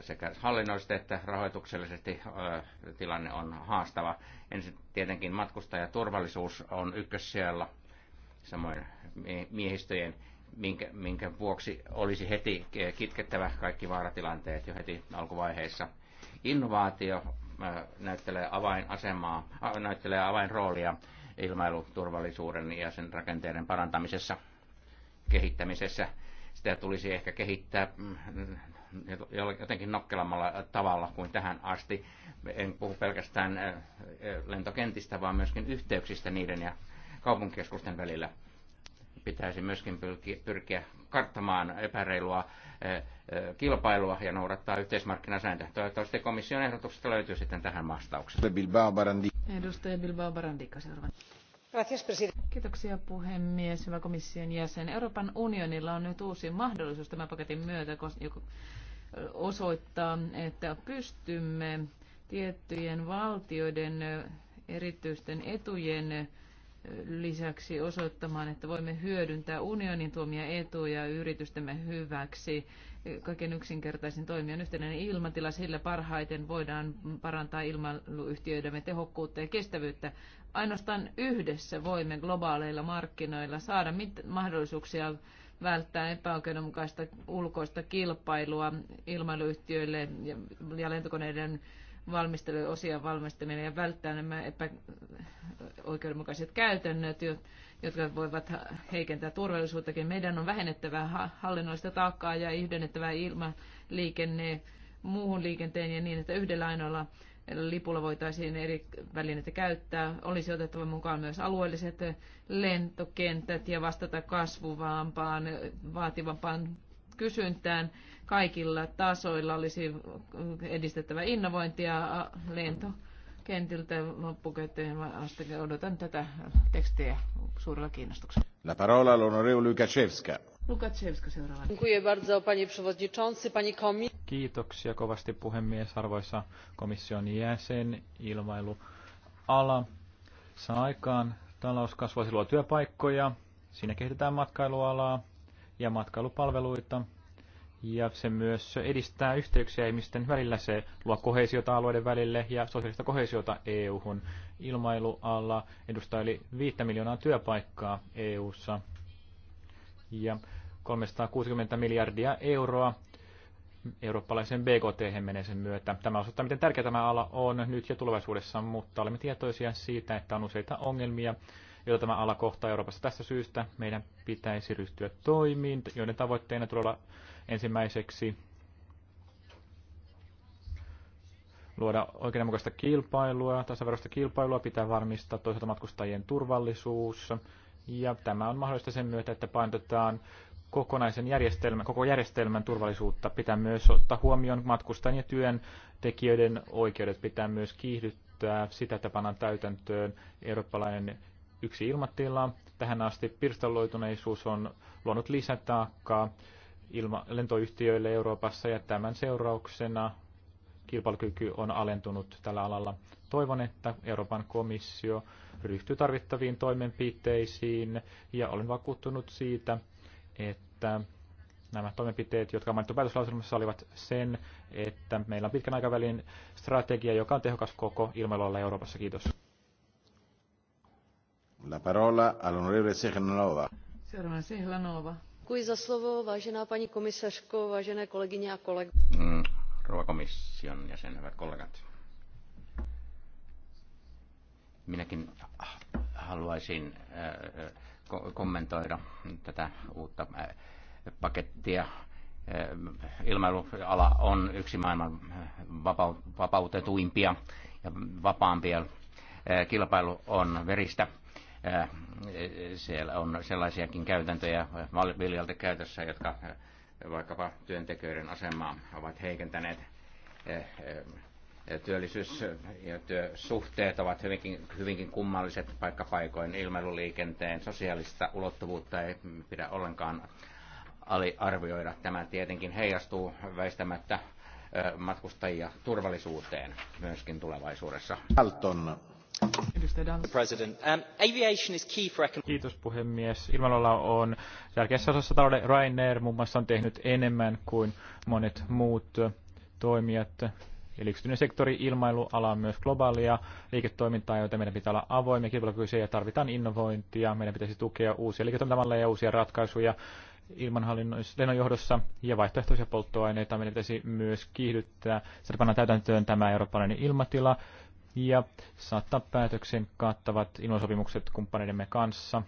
sekä hallinnollisesti että rahoituksellisesti tilanne on haastava. Ensin tietenkin matkustajaturvallisuus on ykkössijalla, samoin miehistöjen, minkä, minkä vuoksi olisi heti kitkettävä kaikki vaaratilanteet jo heti alkuvaiheessa. Innovaatio näyttelee avainasemaa, näyttelee avainroolia ilmailuturvallisuuden ja sen rakenteiden parantamisessa, kehittämisessä. Sitä tulisi ehkä kehittää mm, jotenkin nokkelammalla tavalla kuin tähän asti. En puhu pelkästään lentokentistä, vaan myöskin yhteyksistä niiden ja kaupunkikeskusten välillä. Pitäisi myöskin pyrkiä karttamaan epäreilua kilpailua ja noudattaa yhteismarkkinasääntöä. Toivottavasti komission ehdotuksesta löytyy sitten tähän vastaukset. Edustaja Bilbao Barandika seuraava. Kiitoksia puhemies. Hyvä komission jäsen. Euroopan unionilla on nyt uusi mahdollisuus tämän paketin myötä, osoittaa, että pystymme tiettyjen valtioiden erityisten etujen lisäksi osoittamaan, että voimme hyödyntää unionin tuomia etuja yritystemme hyväksi. Kaiken yksinkertaisin toimi on yhtenäinen ilmatila, sillä parhaiten voidaan parantaa ilmailuyhtiöidemme tehokkuutta ja kestävyyttä. Ainoastaan yhdessä voimme globaaleilla markkinoilla saada mahdollisuuksia välttää epäoikeudenmukaista ulkoista kilpailua ilmailuyhtiöille ja lentokoneiden valmistelu, osia valmistaminen ja välttää nämä epäoikeudenmukaiset käytännöt, jotka voivat heikentää turvallisuuttakin. Meidän on vähennettävä hallinnollista taakkaa ja yhdennettävä ilmaliikenne muuhun liikenteen ja niin, että yhdellä ainoalla lipulla voitaisiin eri välineitä käyttää. Olisi otettava mukaan myös alueelliset lentokentät ja vastata kasvuvaampaan, vaativampaan kysyntään. Kaikilla tasoilla olisi edistettävä innovointia lentokentiltä loppukäteen. Odotan tätä tekstiä suurella kiinnostuksella. La parola all'onorevole Lukashevska. Kiitoksia kovasti puhemies, arvoisa komission jäsen, ilmailuala. Saa aikaan talouskasvua, se luo työpaikkoja, siinä kehitetään matkailualaa ja matkailupalveluita. Ja se myös edistää yhteyksiä ihmisten välillä. Se luo kohesiota alueiden välille ja sosiaalista kohesiota EU-hun. Ilmailualla edustaa yli 5 miljoonaa työpaikkaa EU-ssa. Ja 360 miljardia euroa eurooppalaisen BKT menee sen myötä. Tämä osoittaa, miten tärkeä tämä ala on nyt ja tulevaisuudessa, mutta olemme tietoisia siitä, että on useita ongelmia, joita tämä ala kohtaa Euroopassa. Tästä syystä meidän pitäisi ryhtyä toimiin, joiden tavoitteena tulee olla ensimmäiseksi luoda oikeudenmukaista kilpailua, tasaverosta kilpailua, pitää varmistaa toisaalta matkustajien turvallisuus, ja tämä on mahdollista sen myötä, että painotetaan kokonaisen järjestelmän, koko järjestelmän turvallisuutta pitää myös ottaa huomioon matkustajien ja työntekijöiden oikeudet pitää myös kiihdyttää sitä, että pannaan täytäntöön eurooppalainen yksi ilmatila. Tähän asti pirstaloituneisuus on luonut lisätaakkaa ilma- lentoyhtiöille Euroopassa ja tämän seurauksena kilpailukyky on alentunut tällä alalla. Toivon, että Euroopan komissio ryhtyy tarvittaviin toimenpiteisiin ja olen vakuuttunut siitä, että nämä toimenpiteet, jotka on mainittu päätöslauselmassa, olivat sen, että meillä on pitkän aikavälin strategia, joka on tehokas koko ilmailualla Euroopassa. Kiitos. La parola all'onorevole Sehlanova. Seuraavana Sehlanova. Kui za slovo, vážená paní komisařko, vážené kolegyně a kolegové. Mm, rouva komission jäsen, hyvät kollegat. Minäkin haluaisin äh, äh kommentoida tätä uutta pakettia. Ilmailuala on yksi maailman vapautetuimpia ja vapaampia. Kilpailu on veristä. Siellä on sellaisiakin käytäntöjä viljalta käytössä, jotka vaikkapa työntekijöiden asemaa ovat heikentäneet työllisyys- ja työsuhteet ovat hyvinkin, hyvinkin kummalliset paikkapaikoin. Ilmailuliikenteen sosiaalista ulottuvuutta ei pidä ollenkaan aliarvioida. Tämä tietenkin heijastuu väistämättä matkustajia turvallisuuteen myöskin tulevaisuudessa. Dalton. Um, Kiitos puhemies. Ilmailulla on tärkeässä osassa talouden Ryanair muun muassa on tehnyt enemmän kuin monet muut toimijat Eli yksityinen sektori, ilmailuala on myös globaalia liiketoimintaa, joten meidän pitää olla avoimia, kilpailukykyisiä ja tarvitaan innovointia. Meidän pitäisi tukea uusia liiketoimintamalleja ja uusia ratkaisuja ilmanhallinnon ja vaihtoehtoisia polttoaineita. Meidän pitäisi myös kiihdyttää, sitä pannaan täytäntöön tämä eurooppalainen ilmatila ja saattaa päätöksen kattavat ilmasopimukset kumppaneidemme kanssa.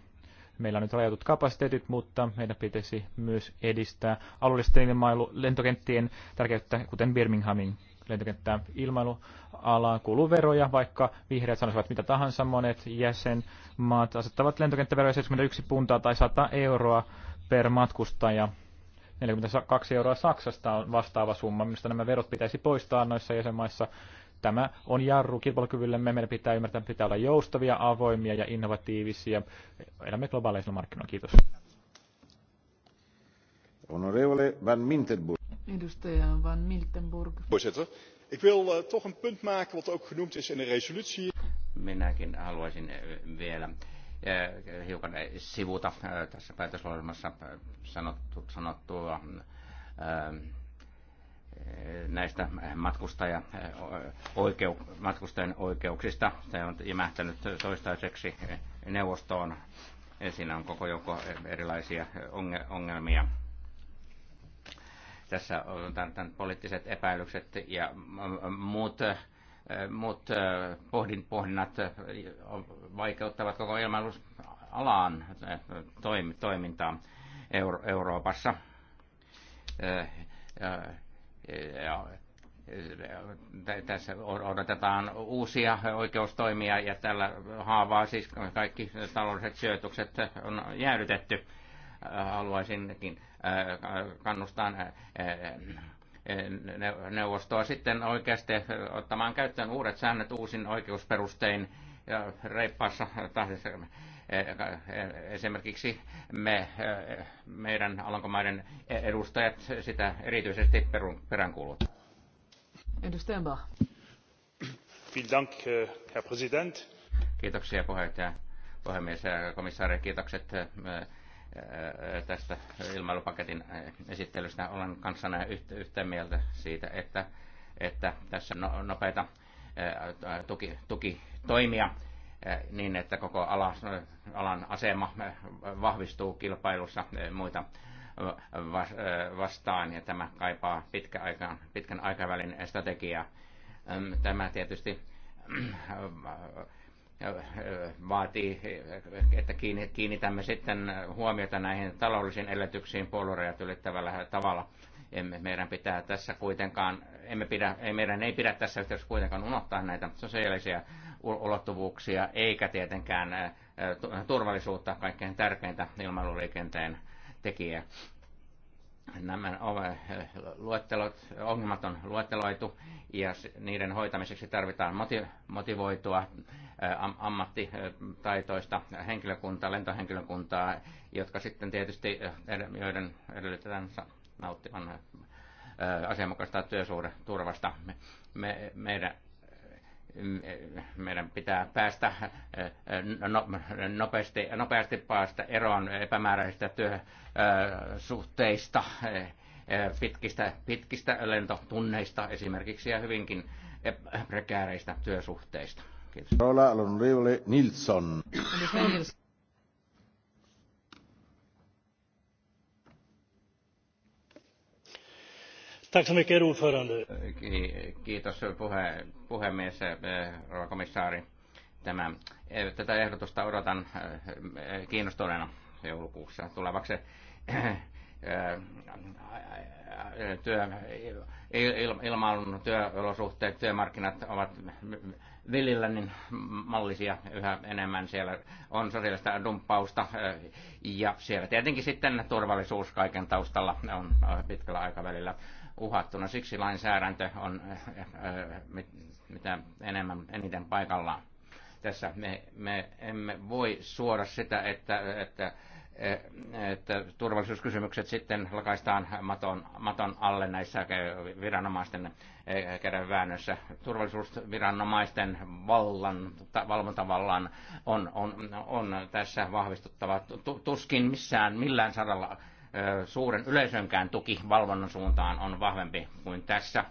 Meillä on nyt rajatut kapasiteetit, mutta meidän pitäisi myös edistää alueellisten ilmailu lentokenttien tärkeyttä, kuten Birminghamin lentokenttää ilmailualaan kuuluu veroja, vaikka vihreät sanoisivat mitä tahansa. Monet jäsenmaat asettavat lentokenttäveroja 71 puntaa tai 100 euroa per matkustaja. 42 euroa Saksasta on vastaava summa. Minusta nämä verot pitäisi poistaa noissa jäsenmaissa. Tämä on jarru kilpailukyvyllemme. Meidän pitää ymmärtää, että pitää olla joustavia, avoimia ja innovatiivisia. Elämme globaaleisilla markkinoilla. Kiitos. Honorevole Van Mintenburg voorzitter Ik wil eh, toch een punt maken wat ook genoemd is in de resolutie. Minäkin haluaisin eh, vielä eh, hiukan sivuta tässä päätöslauselmassa sanottua näistä matkustajien oikeuksista. Se on jämähtänyt toistaiseksi neuvostoon. Siinä on koko joukko erilaisia ongelmia tässä on tämän poliittiset epäilykset ja muut, muut pohdin, pohdinnat vaikeuttavat koko ilmailusalan toimintaa Euro- Euroopassa. Ja tässä odotetaan uusia oikeustoimia ja tällä haavaa siis kaikki taloudelliset sijoitukset on jäädytetty Äh, haluaisinkin äh, kannustaa äh, neuvostoa sitten oikeasti ottamaan käyttöön uudet säännöt uusin oikeusperustein ja reippaassa tahdissa. Esimerkiksi me, meidän Alankomaiden edustajat sitä erityisesti peräänkuulut. Edustaja Bach. Dank, Herr Kiitoksia puheenjohtaja, puhemies ja komissaari. Kiitokset tästä ilmailupaketin esittelystä. Olen kanssanne yhtä mieltä siitä, että, että tässä no, nopeita tuki, tukitoimia niin, että koko ala, alan asema vahvistuu kilpailussa muita vastaan, ja tämä kaipaa pitkän, aikaa, pitkän aikavälin strategiaa. Tämä tietysti vaatii, että kiinnitämme sitten huomiota näihin taloudellisiin edellytyksiin puolueet ylittävällä tavalla. Emme, meidän pitää tässä kuitenkaan, emme pidä, ei, meidän ei pidä tässä yhteydessä kuitenkaan unohtaa näitä sosiaalisia ulottuvuuksia, eikä tietenkään turvallisuutta, kaikkein tärkeintä ilmailuliikenteen tekijää nämä luettelot, ongelmat on luetteloitu ja niiden hoitamiseksi tarvitaan motivoitua ammattitaitoista henkilökuntaa, lentohenkilökuntaa, jotka sitten tietysti joiden edellytetään nauttivan asianmukaista työsuhdeturvasta. Me, meidän meidän pitää päästä no, nopeasti, nopeasti päästä eroon epämääräisistä työsuhteista, pitkistä, pitkistä lentotunneista esimerkiksi ja hyvinkin prekääreistä työsuhteista. Kiitos. Nilsson. Kiitos puhe, puhemies, eh, rouva komissaari. Tämä, eh, tätä ehdotusta odotan eh, kiinnostuneena joulukuussa tulevaksi työ, ilmailun työolosuhteet, työmarkkinat ovat niin mallisia yhä enemmän. Siellä on sosiaalista dumppausta ja siellä tietenkin sitten turvallisuus kaiken taustalla on pitkällä aikavälillä uhattuna. Siksi lainsäädäntö on eh, eh, mitä enemmän, eniten paikallaan. Tässä me, me emme voi suoda sitä, että, että, eh, että turvallisuuskysymykset sitten lakaistaan maton, maton alle näissä viranomaisten kädenväännössä. Turvallisuusviranomaisten vallan, valvontavallan on, on, on tässä vahvistuttava. Tuskin missään millään saralla suuren yleisönkään tuki valvonnan suuntaan on vahvempi kuin tässä.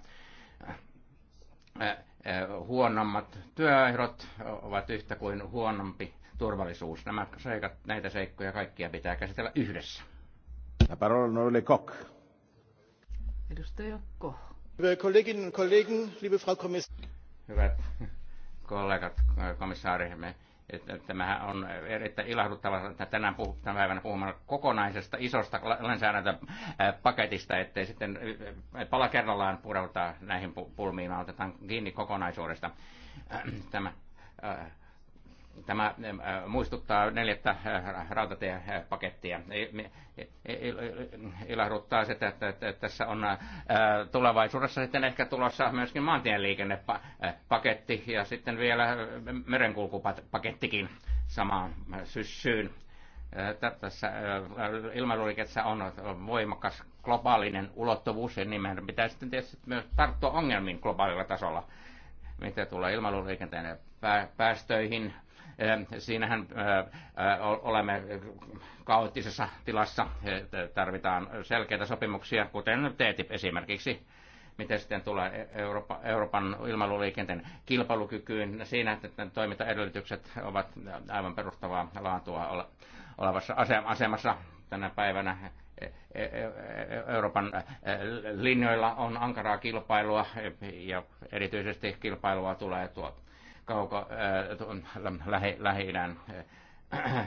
Huonommat työehdot ovat yhtä kuin huonompi turvallisuus. Nämä seikat, näitä seikkoja kaikkia pitää käsitellä yhdessä. La parola oli Koch. Edustaja Koh. Liebe liebe Frau Kommissarin. Hyvät kollegat, komissaari, me että tämähän on erittäin ilahduttava, että tänään puh- tämän päivänä puhumaan kokonaisesta isosta lainsäädäntöpaketista, ettei sitten pala kerrallaan pureuta näihin pulmiin, vaan otetaan kiinni kokonaisuudesta. Tämä, Tämä äh, muistuttaa neljättä äh, rautatiepakettia. Ilahduttaa sitä, että tässä on äh, tulevaisuudessa sitten ehkä tulossa myöskin maantien liikennepaketti ja sitten vielä merenkulkupakettikin samaan syssyyn. Tässä ilmailuliikettä on voimakas globaalinen ulottuvuus ja nimen pitää sitten tietysti myös tarttua ongelmiin globaalilla tasolla mitä tulee ilmailuliikenteen päästöihin, Ehm, siinähän olemme kaoottisessa tilassa, tarvitaan selkeitä sopimuksia, kuten TTIP esimerkiksi miten sitten tulee e-, Eurooppa, Euroopan ilmailuliikenteen kilpailukykyyn siinä, että toimintaedellytykset ovat aivan perustavaa laatua olevassa asemassa tänä päivänä. E-, e-, Euroopan linjoilla on ankaraa kilpailua ja erityisesti kilpailua tulee tuolta kauko, lähi, lähi äh,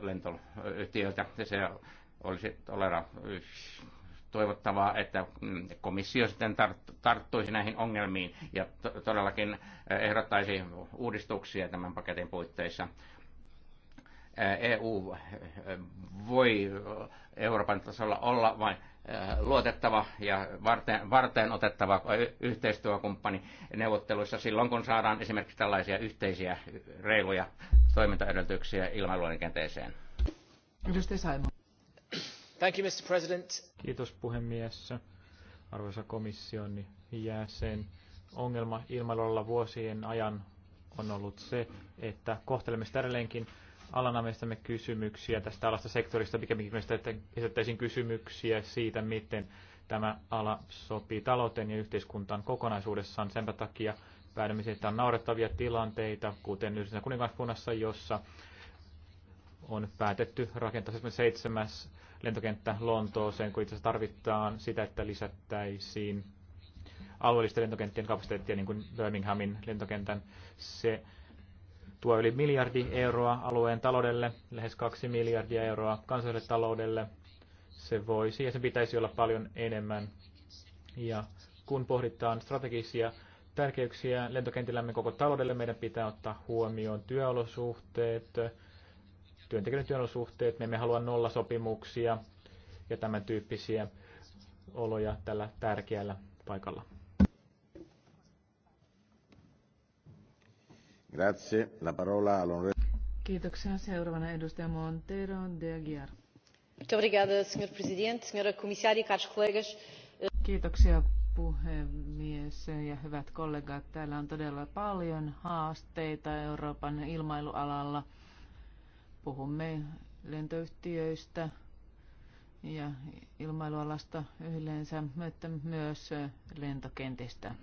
lentoyhtiöltä. Se olisi tolera toivottavaa, että komissio sitten tarttuisi näihin ongelmiin ja todellakin ehdottaisi uudistuksia tämän paketin puitteissa. EU voi Euroopan tasolla olla vain Äh, luotettava ja varten, varten otettava yhteistyökumppani neuvotteluissa silloin, kun saadaan esimerkiksi tällaisia yhteisiä reiluja toimintaedellytyksiä ilmailuliikenteeseen. Thank you, Mr. President. Kiitos puhemies, arvoisa komission jäsen. Ongelma ilmailulla vuosien ajan on ollut se, että kohtelemme sitä edelleenkin alana mielestämme kysymyksiä tästä alasta sektorista, mikä mielestä esittäisiin kysymyksiä siitä, miten tämä ala sopii talouteen ja yhteiskuntaan kokonaisuudessaan. Sen takia päädymme siihen, että on naurettavia tilanteita, kuten Yhdessä kuningaskunnassa, jossa on päätetty rakentaa seitsemäs lentokenttä Lontooseen, kun itse asiassa tarvitaan sitä, että lisättäisiin alueellisten lentokenttien kapasiteettia, niin kuin Birminghamin lentokentän. Se tuo yli miljardi euroa alueen taloudelle, lähes kaksi miljardia euroa kansalliselle taloudelle. Se voisi ja se pitäisi olla paljon enemmän. Ja kun pohditaan strategisia tärkeyksiä lentokentillämme koko taloudelle, meidän pitää ottaa huomioon työolosuhteet, työntekijöiden työolosuhteet. Me emme halua nollasopimuksia ja tämän tyyppisiä oloja tällä tärkeällä paikalla. Grazie. La parola all'onorevole. Kiitoksia. Seuraavana edustaja Montero de Aguiar. Muito obrigada, senhor presidente, senhora comissária, caros colegas. Kiitoksia puhemies ja hyvät kollegat. Täällä on todella paljon haasteita Euroopan ilmailualalla. Puhumme lentoyhtiöistä ja ilmailualasta yleensä, mutta myös lentokentistä.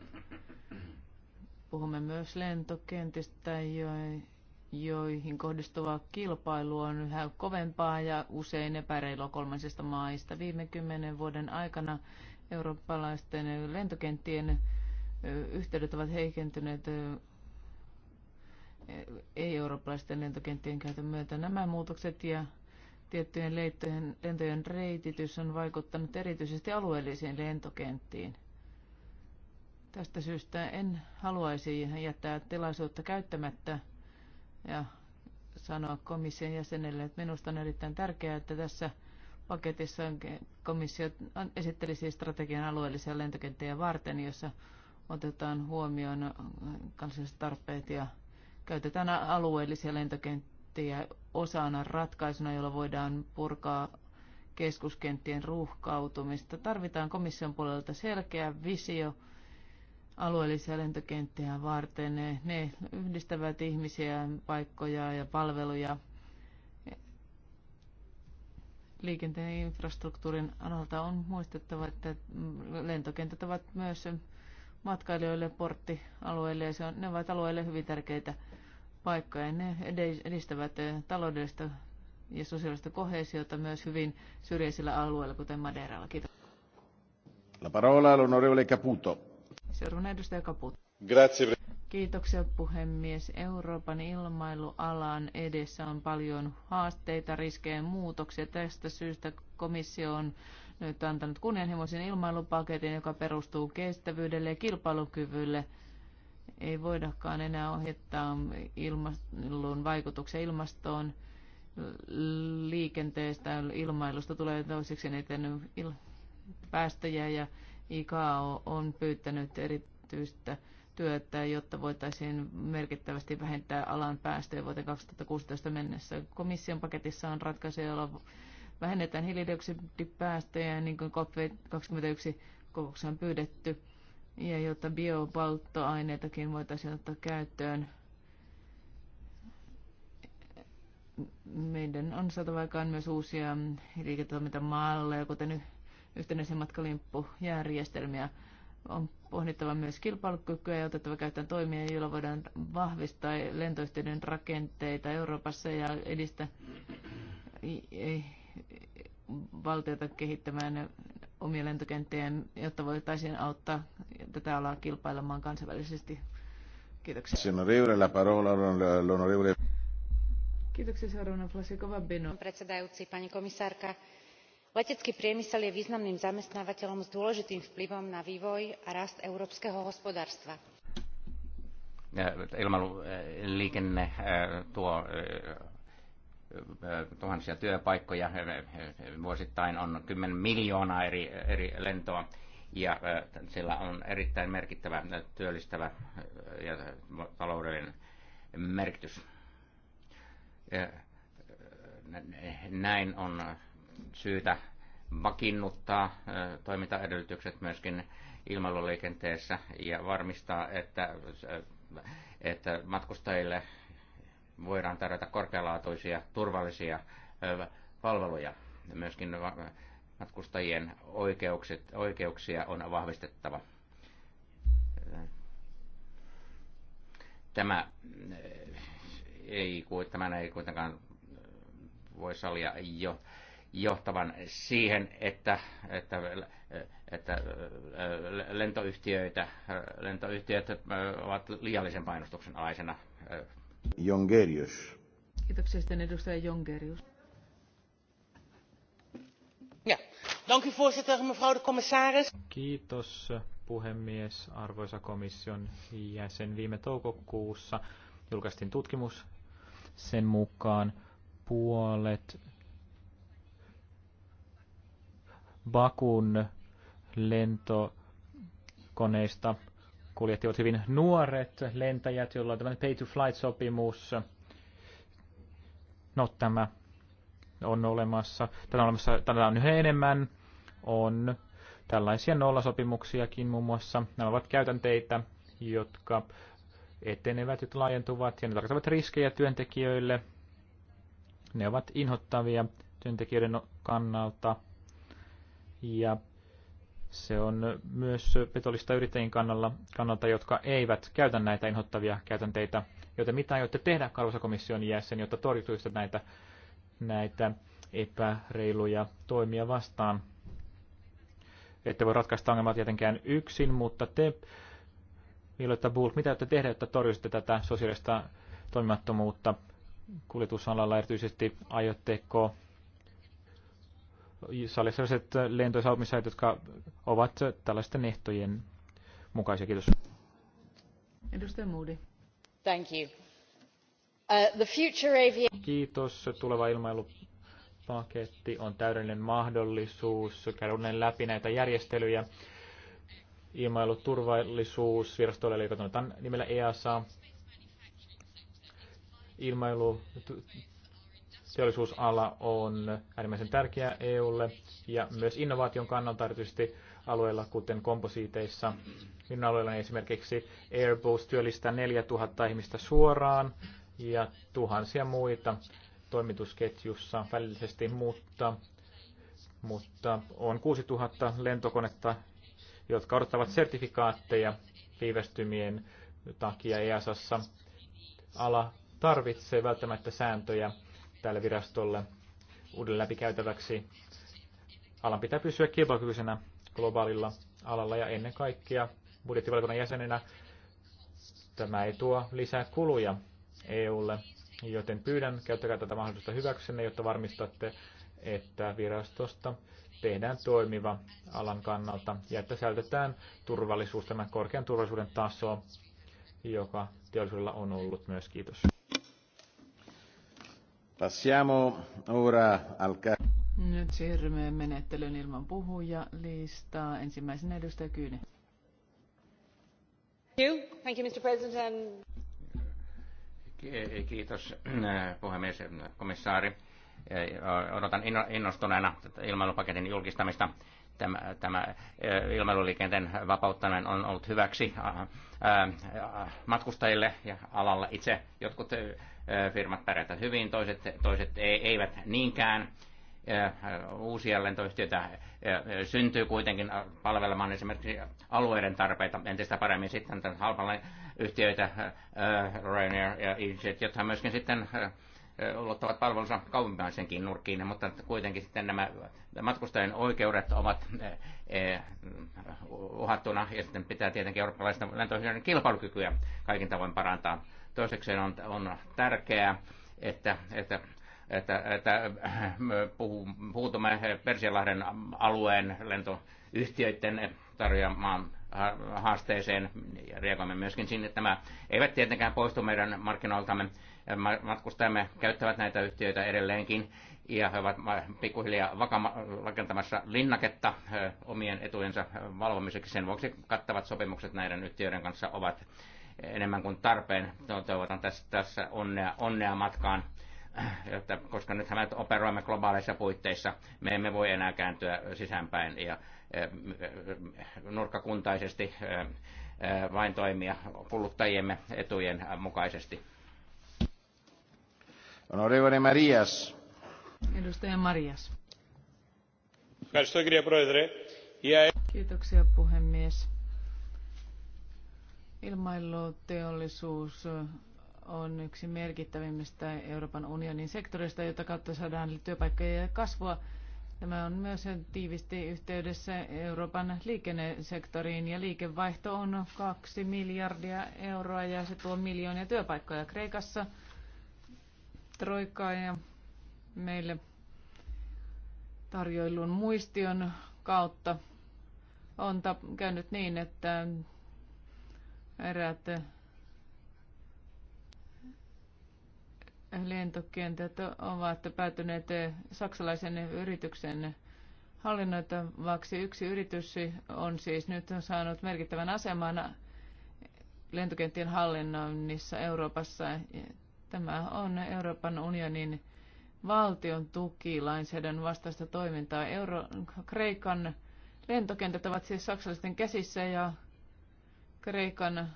Puhumme myös lentokentistä, joihin kohdistuva kilpailu on yhä kovempaa ja usein epäreilua kolmansista maista. Viime kymmenen vuoden aikana eurooppalaisten lentokenttien yhteydet ovat heikentyneet ei-eurooppalaisten lentokenttien käytön myötä. Nämä muutokset ja tiettyjen lentojen reititys on vaikuttanut erityisesti alueellisiin lentokenttiin. Tästä syystä en haluaisi jättää tilaisuutta käyttämättä ja sanoa komission jäsenelle, että minusta on erittäin tärkeää, että tässä paketissa komissio esittelisi siis strategian alueellisia lentokenttiä varten, jossa otetaan huomioon kansalliset tarpeet ja käytetään alueellisia lentokenttiä osana ratkaisuna, jolla voidaan purkaa keskuskenttien ruuhkautumista. Tarvitaan komission puolelta selkeä visio alueellisia lentokenttiä varten. Ne, ne yhdistävät ihmisiä, paikkoja ja palveluja. Liikenteen infrastruktuurin alalta on muistettava, että lentokentät ovat myös matkailijoille, porttialueille ja se on, ne ovat alueille hyvin tärkeitä paikkoja. Ne edistävät taloudellista ja sosiaalista kohesiota myös hyvin syrjäisillä alueilla, kuten Madeiralla. Kiitos. La parola all'onorevole Caputo. Seuraavana edustaja Kaput. Kiitoksia puhemies. Euroopan ilmailualan edessä on paljon haasteita, riskejä ja muutoksia. Tästä syystä komissio on nyt antanut kunnianhimoisen ilmailupaketin, joka perustuu kestävyydelle ja kilpailukyvylle. Ei voidakaan enää ohjettaa ilmailun vaikutuksia ilmastoon liikenteestä, ilmailusta tulee toiseksi eniten päästöjä ja ICAO on pyytänyt erityistä työtä, jotta voitaisiin merkittävästi vähentää alan päästöjä vuoteen 2016 mennessä. Komission paketissa on ratkaisuja, joilla vähennetään hiilidioksidipäästöjä, niin kuin COP21 kokouksessa on pyydetty, ja jotta biopolttoaineitakin voitaisiin ottaa käyttöön. Meidän on saatava aikaan myös uusia liiketoimintamalleja, kuten yhtenäisen matkalimpujärjestelmiä. On pohdittava myös kilpailukykyä ja otettava käyttöön toimia, joilla voidaan vahvistaa lentoyhtiöiden rakenteita Euroopassa ja edistää valtiota kehittämään omia lentokenttiä, jotta voitaisiin auttaa tätä alaa kilpailemaan kansainvälisesti. Kiitoksia. Kiitoksia seuraavana Flasikova Bino. pani komisárka, letecký priemysel je významným zamestnávateľom s dôležitým vplyvom na vývoj a rast európskeho hospodárstva. ilmailuliikenne eh, eh, tuo eh, tuhansia työpaikkoja vuosittain on 10 miljoonaa eri, eri lentoa ja sillä on erittäin merkittävä työllistävä ja taloudellinen merkitys. Näin on syytä vakinnuttaa toimintaedellytykset myöskin ilmailuliikenteessä ja varmistaa, että, että matkustajille voidaan tarjota korkealaatuisia turvallisia palveluja. Myöskin matkustajien oikeukset, oikeuksia on vahvistettava. Tämä ei, tämän ei kuitenkaan voi salia jo johtavan siihen, että, että, että lentoyhtiöitä, lentoyhtiöt ovat liiallisen painostuksen alaisena. Jongerius. Kiitoksia sitten edustaja Jongerius. Ja. Dank u voorzitter, mevrouw de commissaris. Kiitos puhemies, arvoisa komission jäsen. Viime toukokuussa julkaistiin tutkimus. Sen mukaan puolet Bakun lentokoneista kuljettivat hyvin nuoret lentäjät, joilla on tämmöinen pay-to-flight-sopimus. No tämä on olemassa. Tätä on, olemassa, tätä on yhä enemmän. On tällaisia nollasopimuksiakin muun muassa. Nämä ovat käytänteitä, jotka etenevät, jotka laajentuvat ja ne tarkoittavat riskejä työntekijöille. Ne ovat inhottavia työntekijöiden kannalta ja se on myös petollista yrittäjien kannalla, kannalta, jotka eivät käytä näitä inhottavia käytänteitä. Joten mitä aiotte tehdä, arvoisa komission jäsen, jotta torjutuista näitä, näitä epäreiluja toimia vastaan? Ette voi ratkaista ongelmaa tietenkään yksin, mutta te, Violetta Bulk, mitä te tehdä, jotta torjuisitte tätä sosiaalista toimimattomuutta kuljetusalalla erityisesti? Aiotteko oli sellaiset lento- jotka ovat tällaisten ehtojen mukaisia. Kiitos. Edustaja Moody. Thank you. Uh, the future aviation... Kiitos. Tuleva ilmailupaketti on täydellinen mahdollisuus käydä unen läpi näitä järjestelyjä. Ilmailuturvallisuusvirastolle, joka tunnetaan nimellä EASA, ilmailu teollisuusala on äärimmäisen tärkeä EUlle ja myös innovaation kannalta erityisesti alueilla, kuten komposiiteissa. Minun alueellani esimerkiksi Airbus työllistää 4000 ihmistä suoraan ja tuhansia muita toimitusketjussa välillisesti, mutta, mutta on 6000 lentokonetta, jotka odottavat sertifikaatteja viivästymien takia EASassa. Ala tarvitsee välttämättä sääntöjä tälle virastolle uudelleen läpikäytäväksi. Alan pitää pysyä kilpailukykyisenä globaalilla alalla ja ennen kaikkea budjettivalikunnan jäsenenä tämä ei tuo lisää kuluja EUlle, joten pyydän käyttäkää tätä mahdollisuutta hyväksenne, jotta varmistatte, että virastosta tehdään toimiva alan kannalta ja että säilytetään turvallisuus, tämän korkean turvallisuuden taso, joka teollisuudella on ollut myös. Kiitos. Passiamo ora al Nyt siirrymme menettelyyn ilman puhuja listaa. Ensimmäisenä edustaja Kyyne. Thank you, Mr. President. Eh, kiitos eh, puhemies eh, komissaari. Odotan innostuneena ilmailupaketin julkistamista tämä, tämä ilmailuliikenteen vapauttaminen on ollut hyväksi ah, ah, matkustajille ja alalla itse. Jotkut firmat pärjätään hyvin, toiset, toiset eivät niinkään. Uusia lentoyhtiöitä syntyy kuitenkin palvelemaan esimerkiksi alueiden tarpeita entistä paremmin sitten halpalla yhtiöitä, Ryanair ja EasyJet, jotka myöskin sitten ulottavat palvelunsa kaupunkimaisenkin nurkkiin, mutta kuitenkin sitten nämä matkustajien oikeudet ovat uhattuna ja sitten pitää tietenkin eurooppalaisten lentoyhtiöiden kilpailukykyä kaikin tavoin parantaa. Toisekseen on, on tärkeää, että, että että, että äh, puutumme Persialahden alueen lentoyhtiöiden tarjoamaan haasteeseen ja reagoimme myöskin sinne. Tämä eivät tietenkään poistu meidän markkinoiltamme. Matkustajamme käyttävät näitä yhtiöitä edelleenkin ja he ovat pikkuhiljaa vakama, rakentamassa linnaketta äh, omien etujensa valvomiseksi. Sen vuoksi kattavat sopimukset näiden yhtiöiden kanssa ovat enemmän kuin tarpeen. Toivotan tässä, tässä onnea, onnea matkaan, että, koska nyt me operoimme globaaleissa puitteissa. Me emme voi enää kääntyä sisäänpäin ja e, e, nurkkakuntaisesti e, vain toimia kuluttajiemme etujen mukaisesti. Honorevole Marias. Edustaja Marias. Kiitoksia puhemies. Ilmailuteollisuus on yksi merkittävimmistä Euroopan unionin sektoreista, jota kautta saadaan työpaikkoja ja kasvua. Tämä on myös tiivisti yhteydessä Euroopan liikennesektoriin ja liikevaihto on 2 miljardia euroa ja se tuo miljoonia työpaikkoja Kreikassa, Troikkaa ja meille tarjoilun muistion kautta on käynyt niin, että Eräät eh, lentokentät ovat päätyneet eh, saksalaisen yrityksen hallinnoitavaksi. Yksi yritys on siis nyt saanut merkittävän aseman lentokenttien hallinnoinnissa Euroopassa. Tämä on Euroopan unionin valtion tuki lainsäädännön vastaista toimintaa. Euro- Kreikan lentokentät ovat siis saksalaisten käsissä ja Kreikan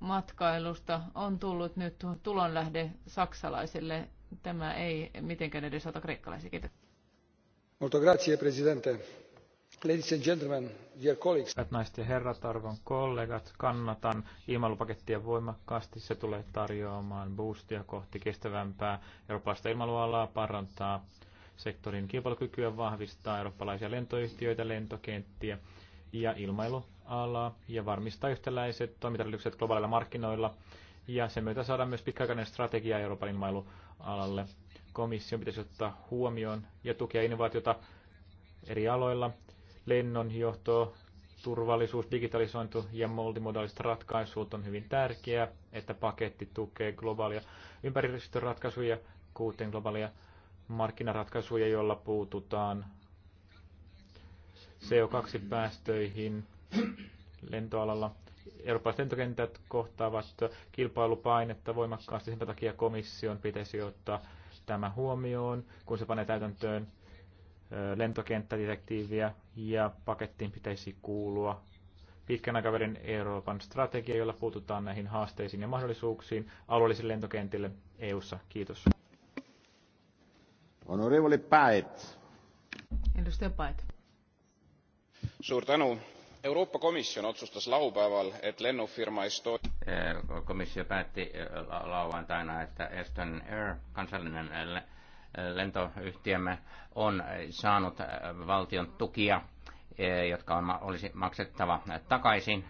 matkailusta on tullut nyt tulonlähde saksalaisille. Tämä ei mitenkään edes ota kreikkalaisia. Kiitos. Molto grazie, presidente. Ladies and gentlemen, dear colleagues. Hyvät naiset ja herrat, arvon kollegat, kannatan ilmailupakettia voimakkaasti. Se tulee tarjoamaan boostia kohti kestävämpää eurooppalaista ilmailualaa, parantaa sektorin kilpailukykyä, vahvistaa eurooppalaisia lentoyhtiöitä, lentokenttiä ja ilmailu alaa ja varmistaa yhtäläiset toimintaedellytykset globaaleilla markkinoilla. Ja sen myötä saadaan myös pitkäaikainen strategia Euroopan ilmailualalle. Komission pitäisi ottaa huomioon ja tukea innovaatiota eri aloilla. Lennonjohto, turvallisuus, digitalisointu ja multimodaaliset ratkaisut on hyvin tärkeää, että paketti tukee globaalia ympäristöratkaisuja, kuten globaalia markkinaratkaisuja, joilla puututaan CO2-päästöihin lentoalalla. Eurooppalaiset lentokentät kohtaavat kilpailupainetta voimakkaasti, sen takia komission pitäisi ottaa tämä huomioon, kun se panee täytäntöön lentokenttädirektiiviä ja pakettiin pitäisi kuulua pitkän aikavälin Euroopan strategia, jolla puututaan näihin haasteisiin ja mahdollisuuksiin alueellisille lentokentille EU-ssa. Kiitos. Onorevole Paet. Edustaja Paet. Suur tänu, Eurooppa komisjon otsustas laupäivällä, että lennofirma Estonia... Komissio päätti e, lauantaina, että Eston Air, kansallinen e, e, lentoyhtiömme, on saanut valtion tukia, jotka on, olisi maksettava takaisin.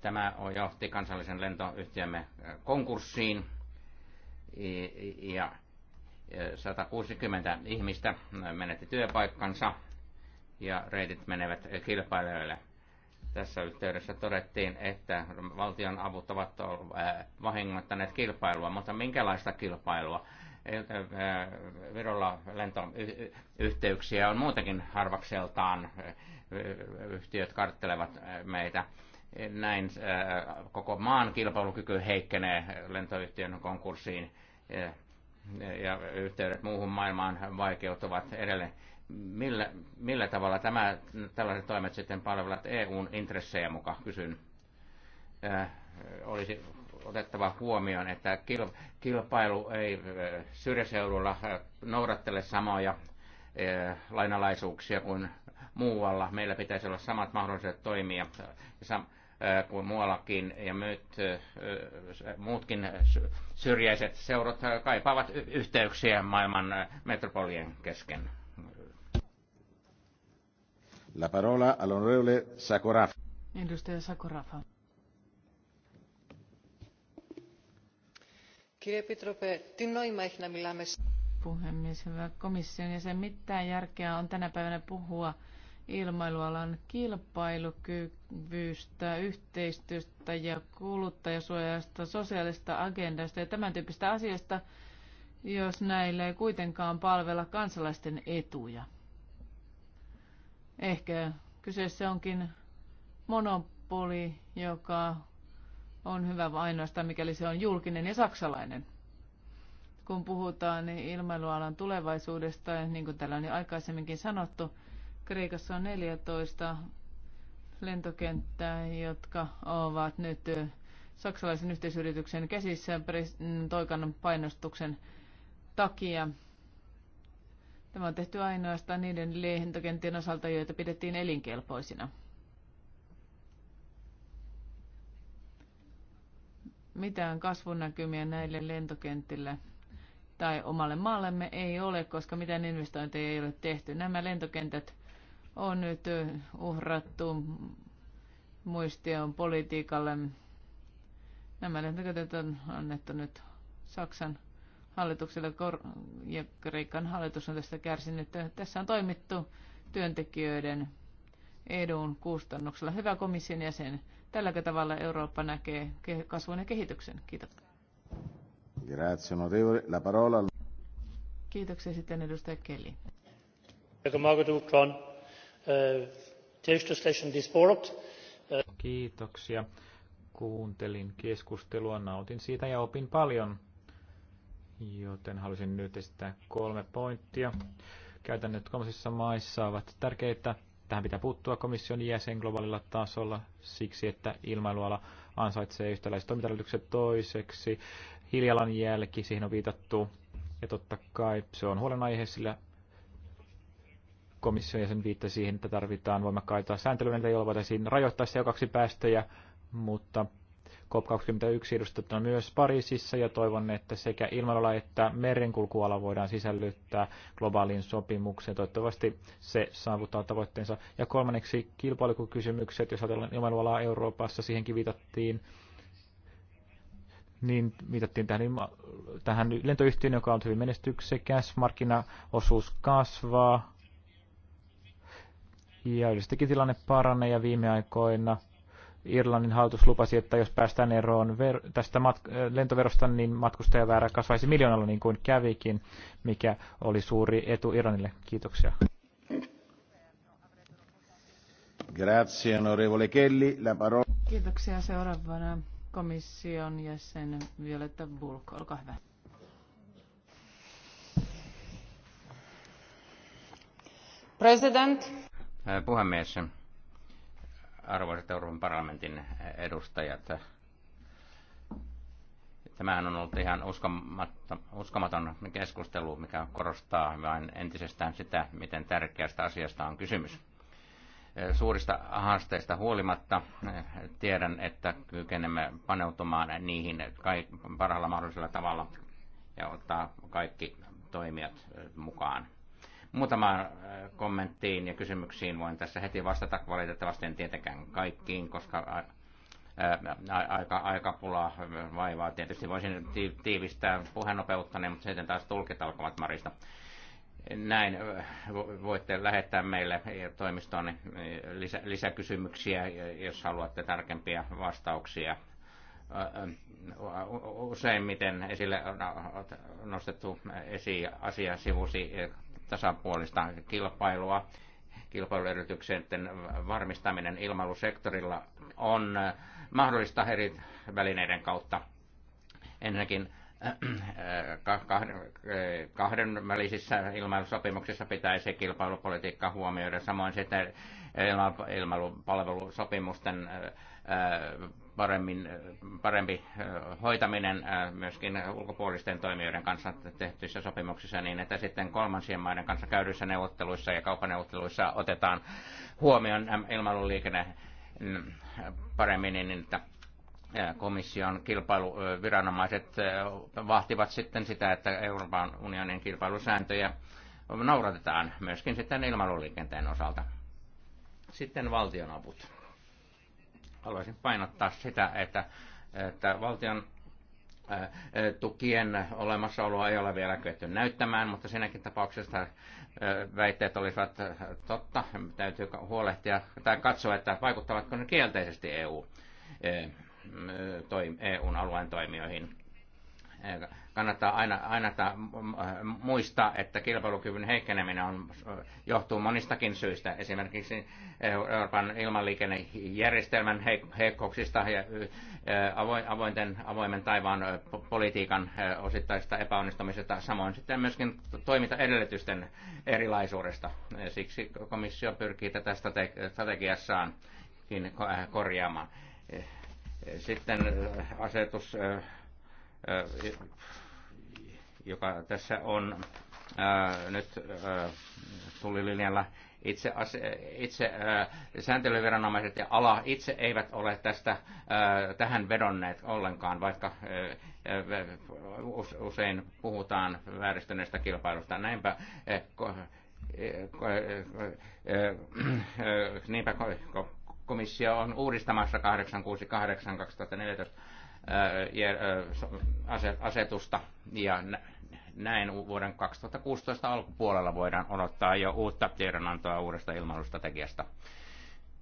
Tämä johti kansallisen lentoyhtiömme konkurssiin ja 160 ihmistä menetti työpaikkansa ja reitit menevät kilpailijoille tässä yhteydessä todettiin, että valtion avut ovat vahingoittaneet kilpailua, mutta minkälaista kilpailua? Virolla lentoyhteyksiä on muutenkin harvakseltaan. Yhtiöt karttelevat meitä. Näin koko maan kilpailukyky heikkenee lentoyhtiön konkurssiin ja yhteydet muuhun maailmaan vaikeutuvat edelleen millä, millä tavalla tämä, tällaiset toimet sitten palvelevat EUn intressejä mukaan, kysyn. Äh, olisi otettava huomioon, että kilpailu ei syrjäseudulla noudattele samoja lainalaisuuksia kuin muualla. Meillä pitäisi olla samat mahdollisuudet toimia kuin muuallakin, ja nyt muutkin syrjäiset seurat kaipaavat yhteyksiä maailman metropolien kesken. La parola all'onorevole Sakorafa. Edustaja Sakorafa. Kirje Pitrope, Puhemies, hyvä komission ja sen mitään järkeä on tänä päivänä puhua ilmailualan kilpailukyvystä, yhteistyöstä ja kuluttajasuojasta, sosiaalista agendasta ja tämän tyyppistä asioista, jos näillä ei kuitenkaan palvella kansalaisten etuja. Ehkä kyseessä onkin monopoli, joka on hyvä ainoastaan, mikäli se on julkinen ja saksalainen. Kun puhutaan niin ilmailualan tulevaisuudesta, niin kuin täällä on jo aikaisemminkin sanottu, Kreikassa on 14 lentokenttää, jotka ovat nyt saksalaisen yhteisyrityksen käsissä Toikan painostuksen takia. Tämä on tehty ainoastaan niiden lentokenttien osalta, joita pidettiin elinkelpoisina. Mitään kasvunäkymiä näille lentokentille tai omalle maallemme ei ole, koska mitään investointeja ei ole tehty. Nämä lentokentät on nyt uhrattu muistion politiikalle. Nämä lentokentät on annettu nyt Saksan hallituksella ja Kreikan hallitus on tästä kärsinyt. Tässä on toimittu työntekijöiden edun kustannuksella. Hyvä komission jäsen, tälläkö tavalla Eurooppa näkee kasvun ja kehityksen? Kiitos. Grazie, onorevole. La parola... Kiitoksia sitten edustaja Kelly. Uh, Kiitoksia. Kuuntelin keskustelua, nautin siitä ja opin paljon joten halusin nyt esittää kolme pointtia. Käytännöt kolmansissa maissa ovat tärkeitä. Tähän pitää puuttua komission jäsen globaalilla tasolla siksi, että ilmailuala ansaitsee yhtäläiset toimintaedellytykset toiseksi. jälki, siihen on viitattu. Ja totta kai se on huolenaihe, sillä komission jäsen viittasi siihen, että tarvitaan voimakkaita sääntelyä, joilla voitaisiin rajoittaa se 2 päästöjä mutta COP21 edustettuna myös Pariisissa ja toivon, että sekä ilmailulla että merenkulkuala voidaan sisällyttää globaaliin sopimukseen. Toivottavasti se saavuttaa tavoitteensa. Ja kolmanneksi kilpailukykysymykset, jos ajatellaan ilmailualaa Euroopassa, siihenkin viitattiin niin viitattiin tähän, tähän lentoyhtiöön, joka on hyvin menestyksekäs, markkinaosuus kasvaa, ja yleisestikin tilanne paranee ja viime aikoina Irlannin hallitus lupasi, että jos päästään eroon ver- tästä mat- äh, lentoverosta, niin matkustajaväärä kasvaisi miljoonalla niin kuin kävikin, mikä oli suuri etu Irlannille. Kiitoksia. Grazie, onorevole Kelly. La parola. Kiitoksia. Seuraavana komission jäsen Violetta Bulk, olkaa hyvä. President. Puhemies, arvoisat Euroopan parlamentin edustajat. Tämähän on ollut ihan uskomaton keskustelu, mikä korostaa vain entisestään sitä, miten tärkeästä asiasta on kysymys. Suurista haasteista huolimatta tiedän, että kykenemme paneutumaan niihin parhaalla mahdollisella tavalla ja ottaa kaikki toimijat mukaan Muutamaan äh, kommenttiin ja kysymyksiin voin tässä heti vastata. Valitettavasti en tietenkään kaikkiin, koska äh, äh, aika, aikapula vaivaa. Tietysti voisin tiivistää puheenopeuttani, mutta sitten taas tulkit alkavat Marista. Näin voitte lähettää meille toimistoon lisä, lisäkysymyksiä, jos haluatte tarkempia vastauksia. Useimmiten esille nostettu esi- asia sivusi tasapuolista kilpailua. Kilpailuedellytyksien varmistaminen ilmailusektorilla on äh, mahdollista eri välineiden kautta. Ensinnäkin äh, äh, kahden välisissä ilmailusopimuksissa pitäisi kilpailupolitiikka huomioida, samoin sitten ilmailupalvelusopimusten paremmin, parempi hoitaminen myöskin ulkopuolisten toimijoiden kanssa tehtyissä sopimuksissa niin, että sitten kolmansien maiden kanssa käydyissä neuvotteluissa ja kauppaneuvotteluissa otetaan huomioon liikenne mm, paremmin niin, niin että komission kilpailuviranomaiset vahtivat sitten sitä, että Euroopan unionin kilpailusääntöjä noudatetaan myöskin sitten ilmailuliikenteen osalta. Sitten valtionavut haluaisin painottaa sitä, että, että valtion tukien olemassaoloa ei ole vielä kyetty näyttämään, mutta siinäkin tapauksessa väitteet olivat totta. Täytyy huolehtia tai katsoa, että vaikuttavatko ne kielteisesti EU, EUn e alueen toimijoihin kannattaa aina, aina muistaa, että kilpailukyvyn heikkeneminen on, johtuu monistakin syistä. Esimerkiksi Euroopan ilmanliikennejärjestelmän heikkouksista ja avointen, avoimen taivaan politiikan osittaisesta epäonnistumisesta, samoin sitten myöskin toimintaedellytysten erilaisuudesta. Siksi komissio pyrkii tätä strategiassaan äh, korjaamaan. Sitten asetus joka tässä on ää, nyt ää, tullilinjalla. Itse, itse ää, sääntelyviranomaiset ja ala itse eivät ole tästä ää, tähän vedonneet ollenkaan, vaikka ää, usein puhutaan vääristyneestä kilpailusta. Näinpä ää, ko, niinpä komissio on uudistamassa 868 2014 asetusta ja näin vuoden 2016 alkupuolella voidaan odottaa jo uutta tiedonantoa uudesta ilmailustrategiasta.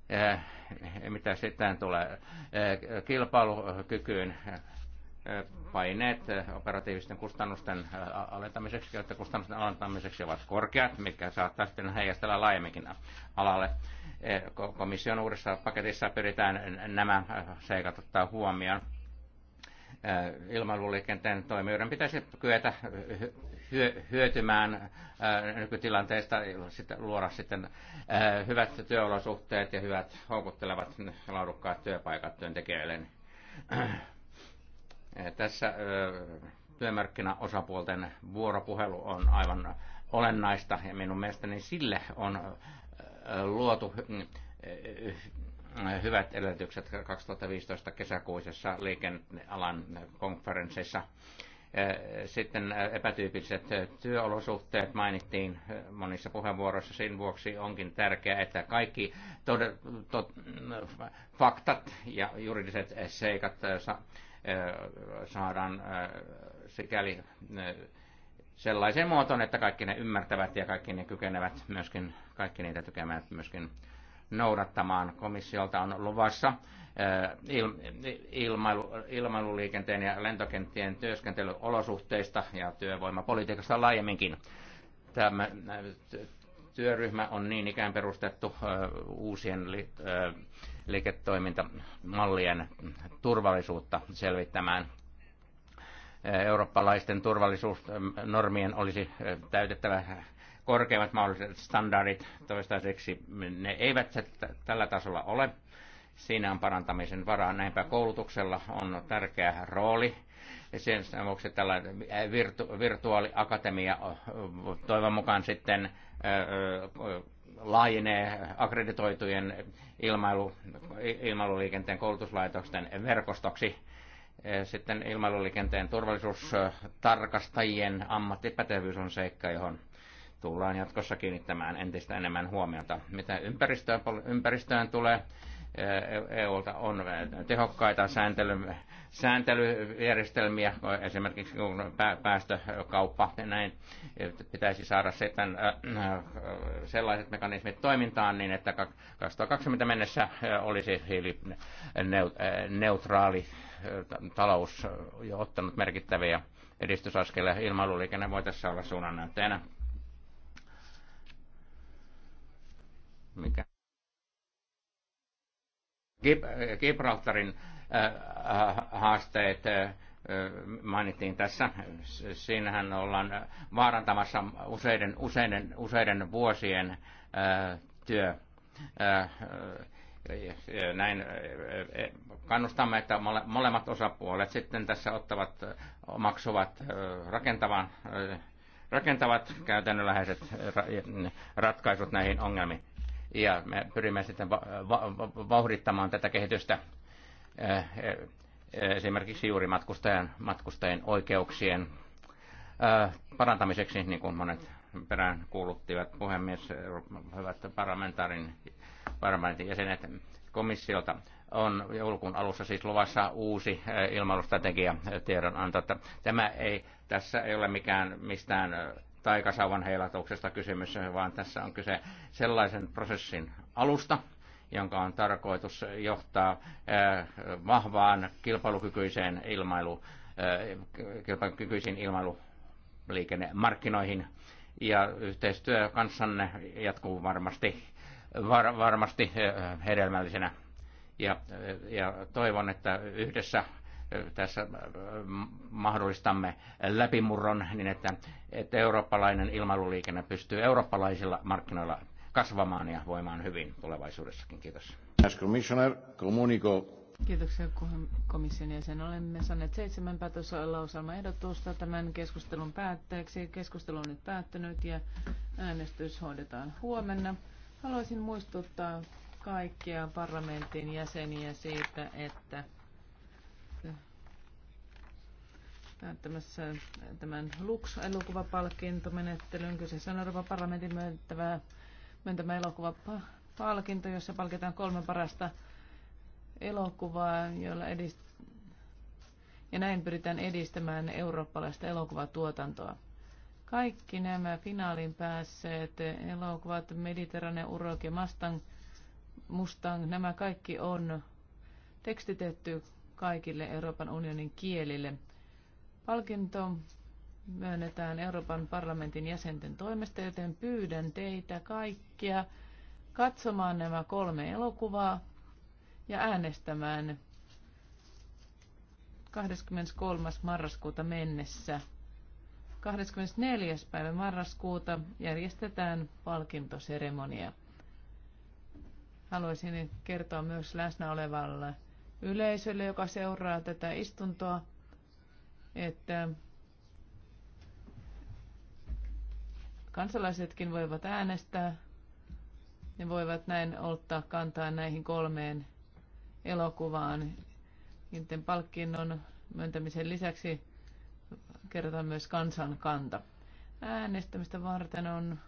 Eh, eh, mitä sitten tulee eh, kilpailukykyyn, paineet operatiivisten kustannusten alentamiseksi, kustannusten alentamiseksi ovat korkeat, mikä saattaa sitten heijastella laajemminkin alalle. Komission uudessa paketissa pyritään nämä seikat ottaa huomioon Äh, ilmailuliikenteen toimijoiden pitäisi kyetä hyötymään äh, nykytilanteesta, luoda sitten äh, hyvät työolosuhteet ja hyvät houkuttelevat laadukkaat työpaikat työntekijöille. Tässä työmarkkinaosapuolten vuoropuhelu on aivan olennaista ja minun mielestäni sille on luotu hyvät edellytykset 2015 kesäkuisessa liikennealan konferenssissa. Sitten epätyypilliset työolosuhteet mainittiin monissa puheenvuoroissa. Sen vuoksi onkin tärkeää, että kaikki tod- tot- faktat ja juridiset seikat sa- saadaan sikäli sellaisen muotoon, että kaikki ne ymmärtävät ja kaikki ne kykenevät myöskin, kaikki niitä tykemään myöskin noudattamaan. Komissiolta on luvassa eh, ilmailu, ilmailuliikenteen ja lentokenttien työskentelyolosuhteista ja työvoimapolitiikasta laajemminkin. Tämä eh, työryhmä on niin ikään perustettu eh, uusien liiketoimintamallien turvallisuutta selvittämään. Eurooppalaisten turvallisuusnormien olisi täytettävä korkeimmat mahdolliset standardit toistaiseksi, ne eivät tällä tasolla ole. Siinä on parantamisen varaa. Näinpä koulutuksella on tärkeä rooli. Sen vuoksi tällainen äh, virtu, virtuaaliakatemia toivon mukaan sitten laajenee akkreditoitujen ilmailu, ilmailuliikenteen koulutuslaitosten verkostoksi sitten ilmailuliikenteen turvallisuustarkastajien ammattipätevyys on seikka, johon tullaan jatkossa kiinnittämään entistä enemmän huomiota. Mitä ympäristöön, ympäristöön tulee, EUlta eh, e on tehokkaita sääntely, sääntelyjärjestelmiä, esimerkiksi päästökauppa ja näin. Pitäisi saada sitten eh, eh, sellaiset mekanismit toimintaan niin, että 2020 mennessä olisi hiilineutraali talous jo ottanut merkittäviä edistysaskeleja. Ilmailuliikenne voi tässä olla suunnannäyttäjänä. mikä Gibraltarin haasteet mainittiin tässä. Siinähän ollaan vaarantamassa useiden, useiden, useiden vuosien työ. Näin kannustamme, että molemmat osapuolet sitten tässä ottavat, omaksuvat rakentavan, rakentavat käytännönläheiset ratkaisut näihin ongelmiin ja me pyrimme sitten vauhdittamaan tätä kehitystä eh, eh, esimerkiksi juuri matkustajan, matkustajien oikeuksien eh, parantamiseksi, niin kuin monet perään kuuluttivat puhemies, hyvät parlamentaarin, parlamentin jäsenet komissiolta. On joulukuun alussa siis luvassa uusi ilmailustrategia tiedonanto. Tämä ei, tässä ei ole mikään mistään tai kasavan heilatuksesta kysymys, vaan tässä on kyse sellaisen prosessin alusta, jonka on tarkoitus johtaa eh, vahvaan kilpailukykyiseen ilmailu, eh, kilpailukykyisiin ilmailuliikennemarkkinoihin. Ja yhteistyö kanssanne jatkuu varmasti, var, varmasti eh, hedelmällisenä. Ja, ja toivon, että yhdessä tässä mahdollistamme läpimurron niin, että että eurooppalainen ilmailuliikenne pystyy eurooppalaisilla markkinoilla kasvamaan ja voimaan hyvin tulevaisuudessakin. Kiitos. Kiitoksia komission jäsen. Olemme saaneet seitsemän ehdotusta tämän keskustelun päätteeksi. Keskustelu on nyt päättynyt ja äänestys hoidetaan huomenna. Haluaisin muistuttaa kaikkia parlamentin jäseniä siitä, että näyttämässä tämän Lux-elokuvapalkintomenettelyn. Kyseessä on Euroopan parlamentin myöntävä, myöntämä elokuvapalkinto, jossa palkitaan kolme parasta elokuvaa, joilla edist... ja näin pyritään edistämään eurooppalaista elokuvatuotantoa. Kaikki nämä finaalin päässeet elokuvat, Mediterrane, Urok ja Mustang, Mustang, nämä kaikki on tekstitetty kaikille Euroopan unionin kielille – Palkinto myönnetään Euroopan parlamentin jäsenten toimesta, joten pyydän teitä kaikkia katsomaan nämä kolme elokuvaa ja äänestämään 23. marraskuuta mennessä. 24. päivä marraskuuta järjestetään palkintoseremonia. Haluaisin kertoa myös läsnä olevalle yleisölle, joka seuraa tätä istuntoa, että kansalaisetkin voivat äänestää ne voivat näin ottaa kantaa näihin kolmeen elokuvaan. Niiden palkinnon myöntämisen lisäksi kerrotaan myös kansan kanta. Äänestämistä varten on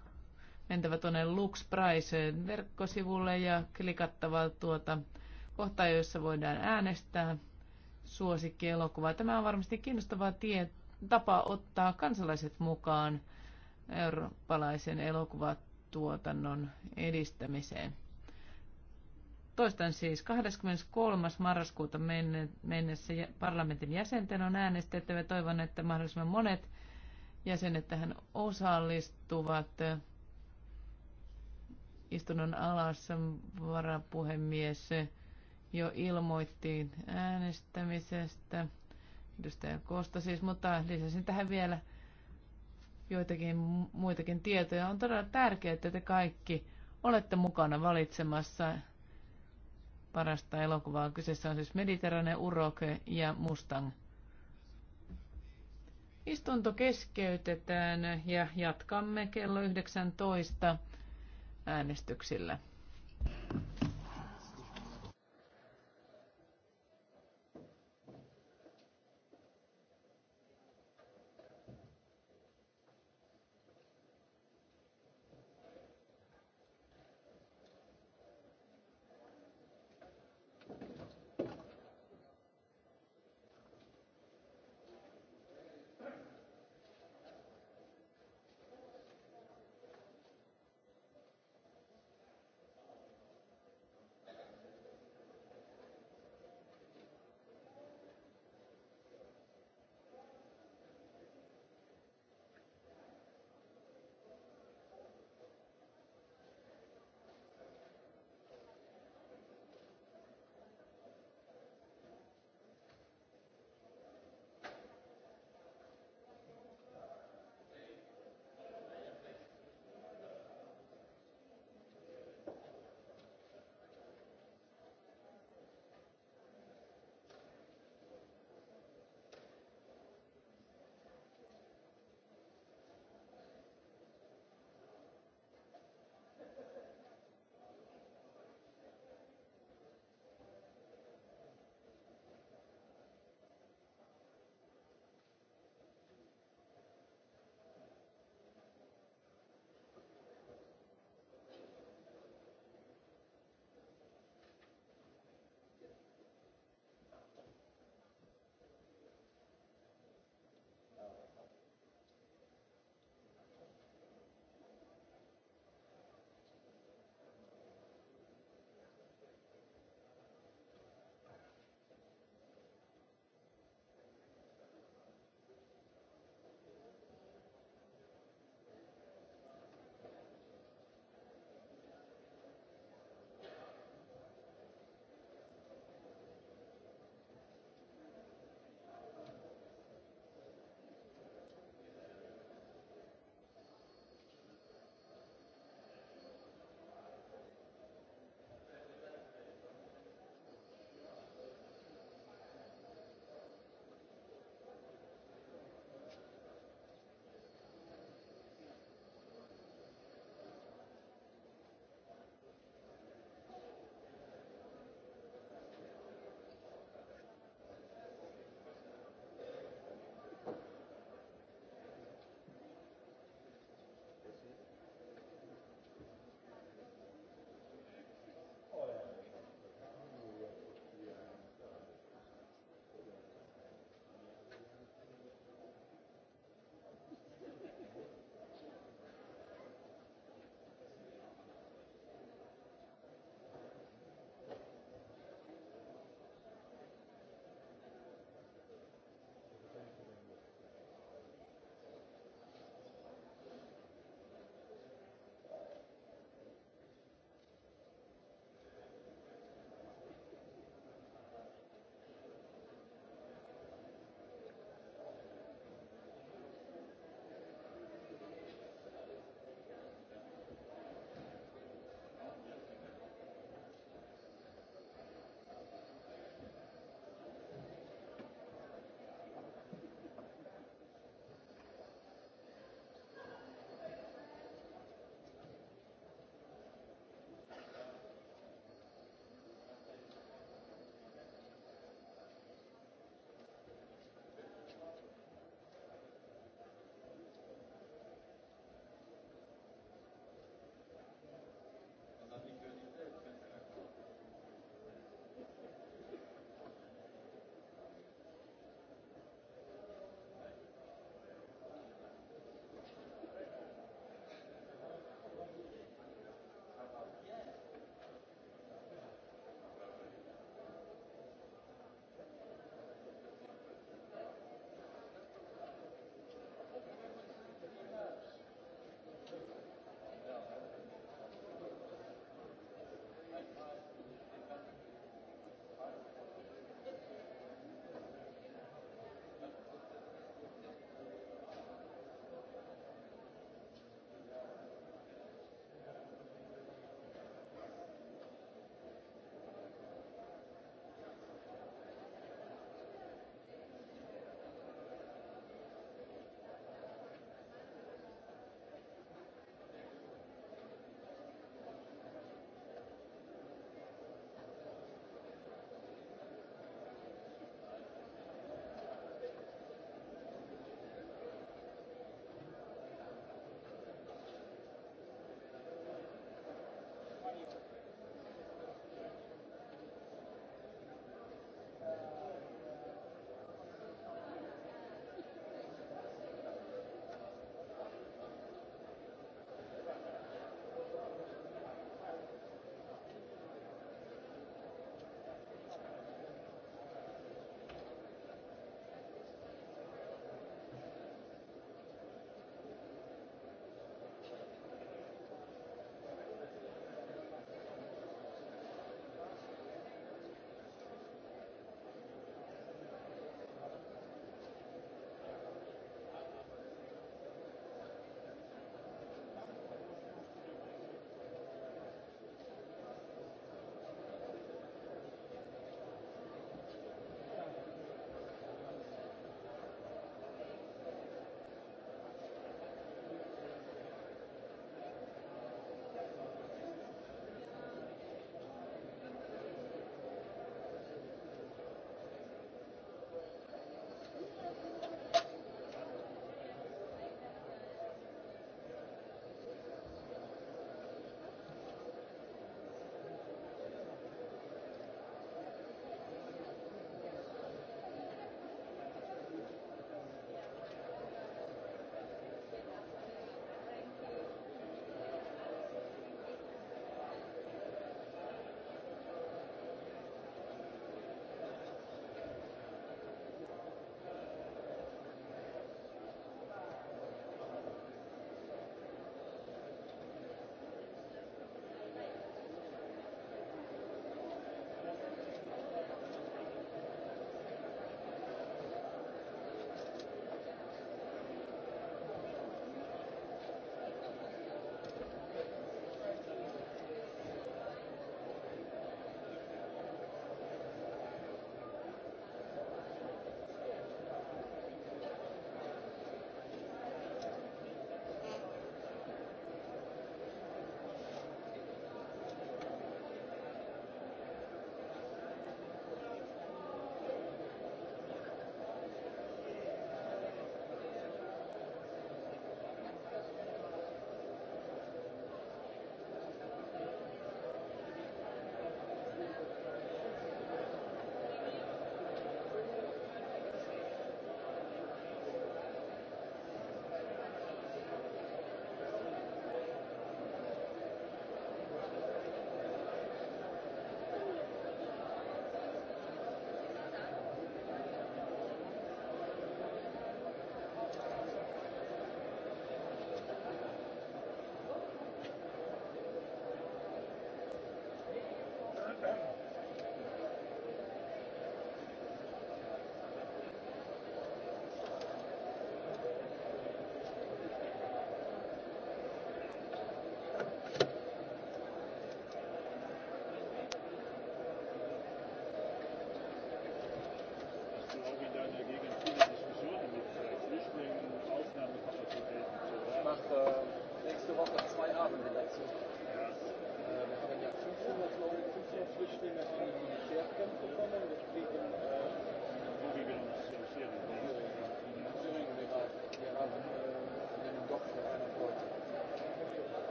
mentävä tuonne Lux Price verkkosivulle ja klikattava tuota kohtaa, jossa voidaan äänestää suosikkielokuva. Tämä on varmasti kiinnostava tie, tapa ottaa kansalaiset mukaan eurooppalaisen elokuvatuotannon edistämiseen. Toistan siis 23. marraskuuta mennessä parlamentin jäsenten on äänestettävä. Toivon, että mahdollisimman monet jäsenet tähän osallistuvat. Istunnon alassa varapuhemies jo ilmoitti äänestämisestä. Edustaja Kosta siis, mutta lisäsin tähän vielä joitakin muitakin tietoja. On todella tärkeää, että te kaikki olette mukana valitsemassa parasta elokuvaa. Kyseessä on siis Mediterrane, Uroke ja Mustang. Istunto keskeytetään ja jatkamme kello 19 äänestyksillä.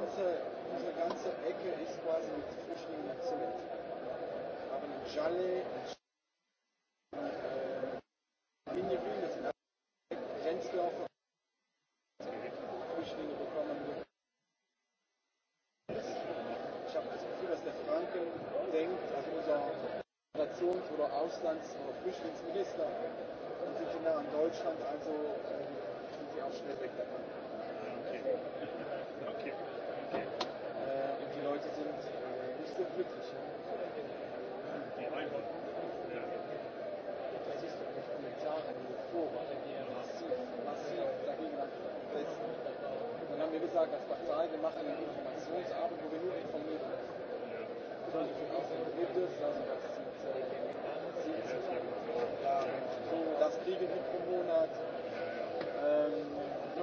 ganze, diese ganze Ecke ist quasi mit Flüchtlingen erzählt. Wir haben in Jalle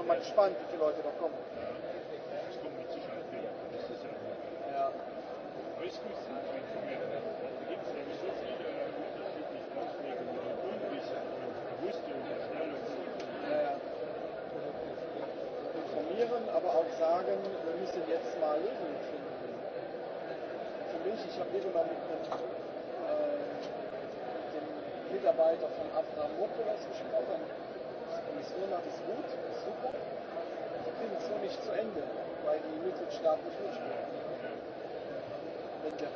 mal gespannt, wie viele Leute da kommen. Es kommen mit Sicherheit viele. Ja. Aber ist gut, sind wir informiert. Da gibt es nämlich so viele unterschiedliche Auswege mit dem Unwissen und bewusste Unterstellung. Ja, ja. Informieren, aber auch sagen, wir müssen jetzt mal Lösungen finden. Für mich, ich habe eben mal mit einem äh, mit dem Mitarbeiter von Abraham Mokolas gesprochen Das Urlaub ist gut, ist super. Sie kriegen es nur nicht zu Ende, weil die Mitgliedstaaten nicht mitspielen. Wenn der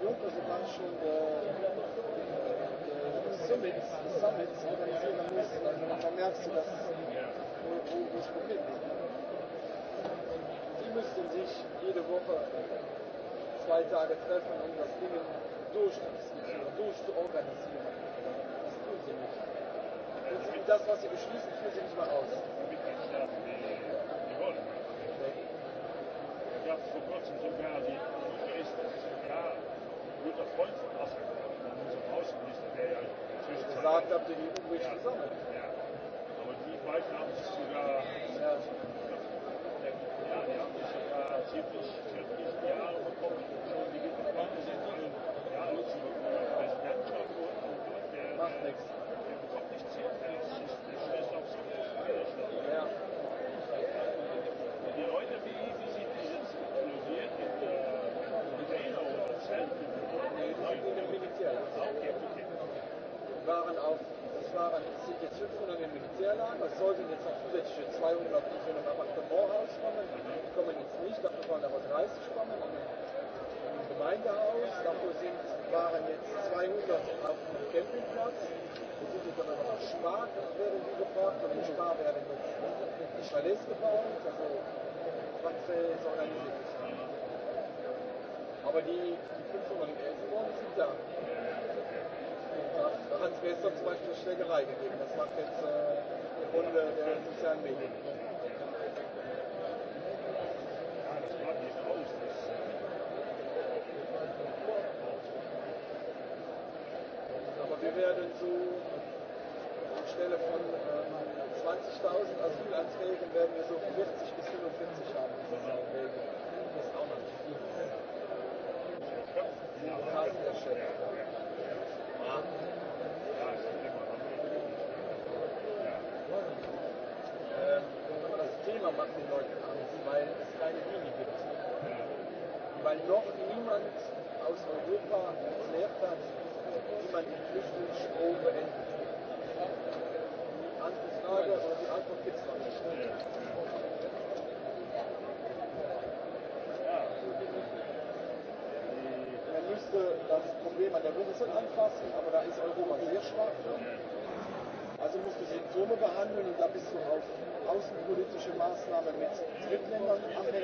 Juncker sogar schon äh, Summits, Summits organisieren muss, dann, dann merkst du, dass wo, wo, wo das Problem ist. Die müssten sich jede Woche zwei Tage treffen, um das Ding durchzudiskutieren, durchzuorganisieren nehmt das, was ihr beschließt, ich sie nicht mal aus. Ich habe die sind dann aber zum Moorhaus schwammen, die kommen jetzt nicht, dafür waren aber 30 schwammen im Gemeindehaus, dafür sind, waren jetzt 200 auf dem Campingplatz, wir sind jetzt aber noch Spar, werden die gebracht und in Spar werden jetzt die Chalets gebaut, also was organisiert Aber die, die 500 in sind da. Da hat es gestern zum Beispiel Schlägerei gegeben. Das macht jetzt äh, eine Runde der sozialen Medien. Anliegen werden wir so um 60 Maßnahmen mit drittländern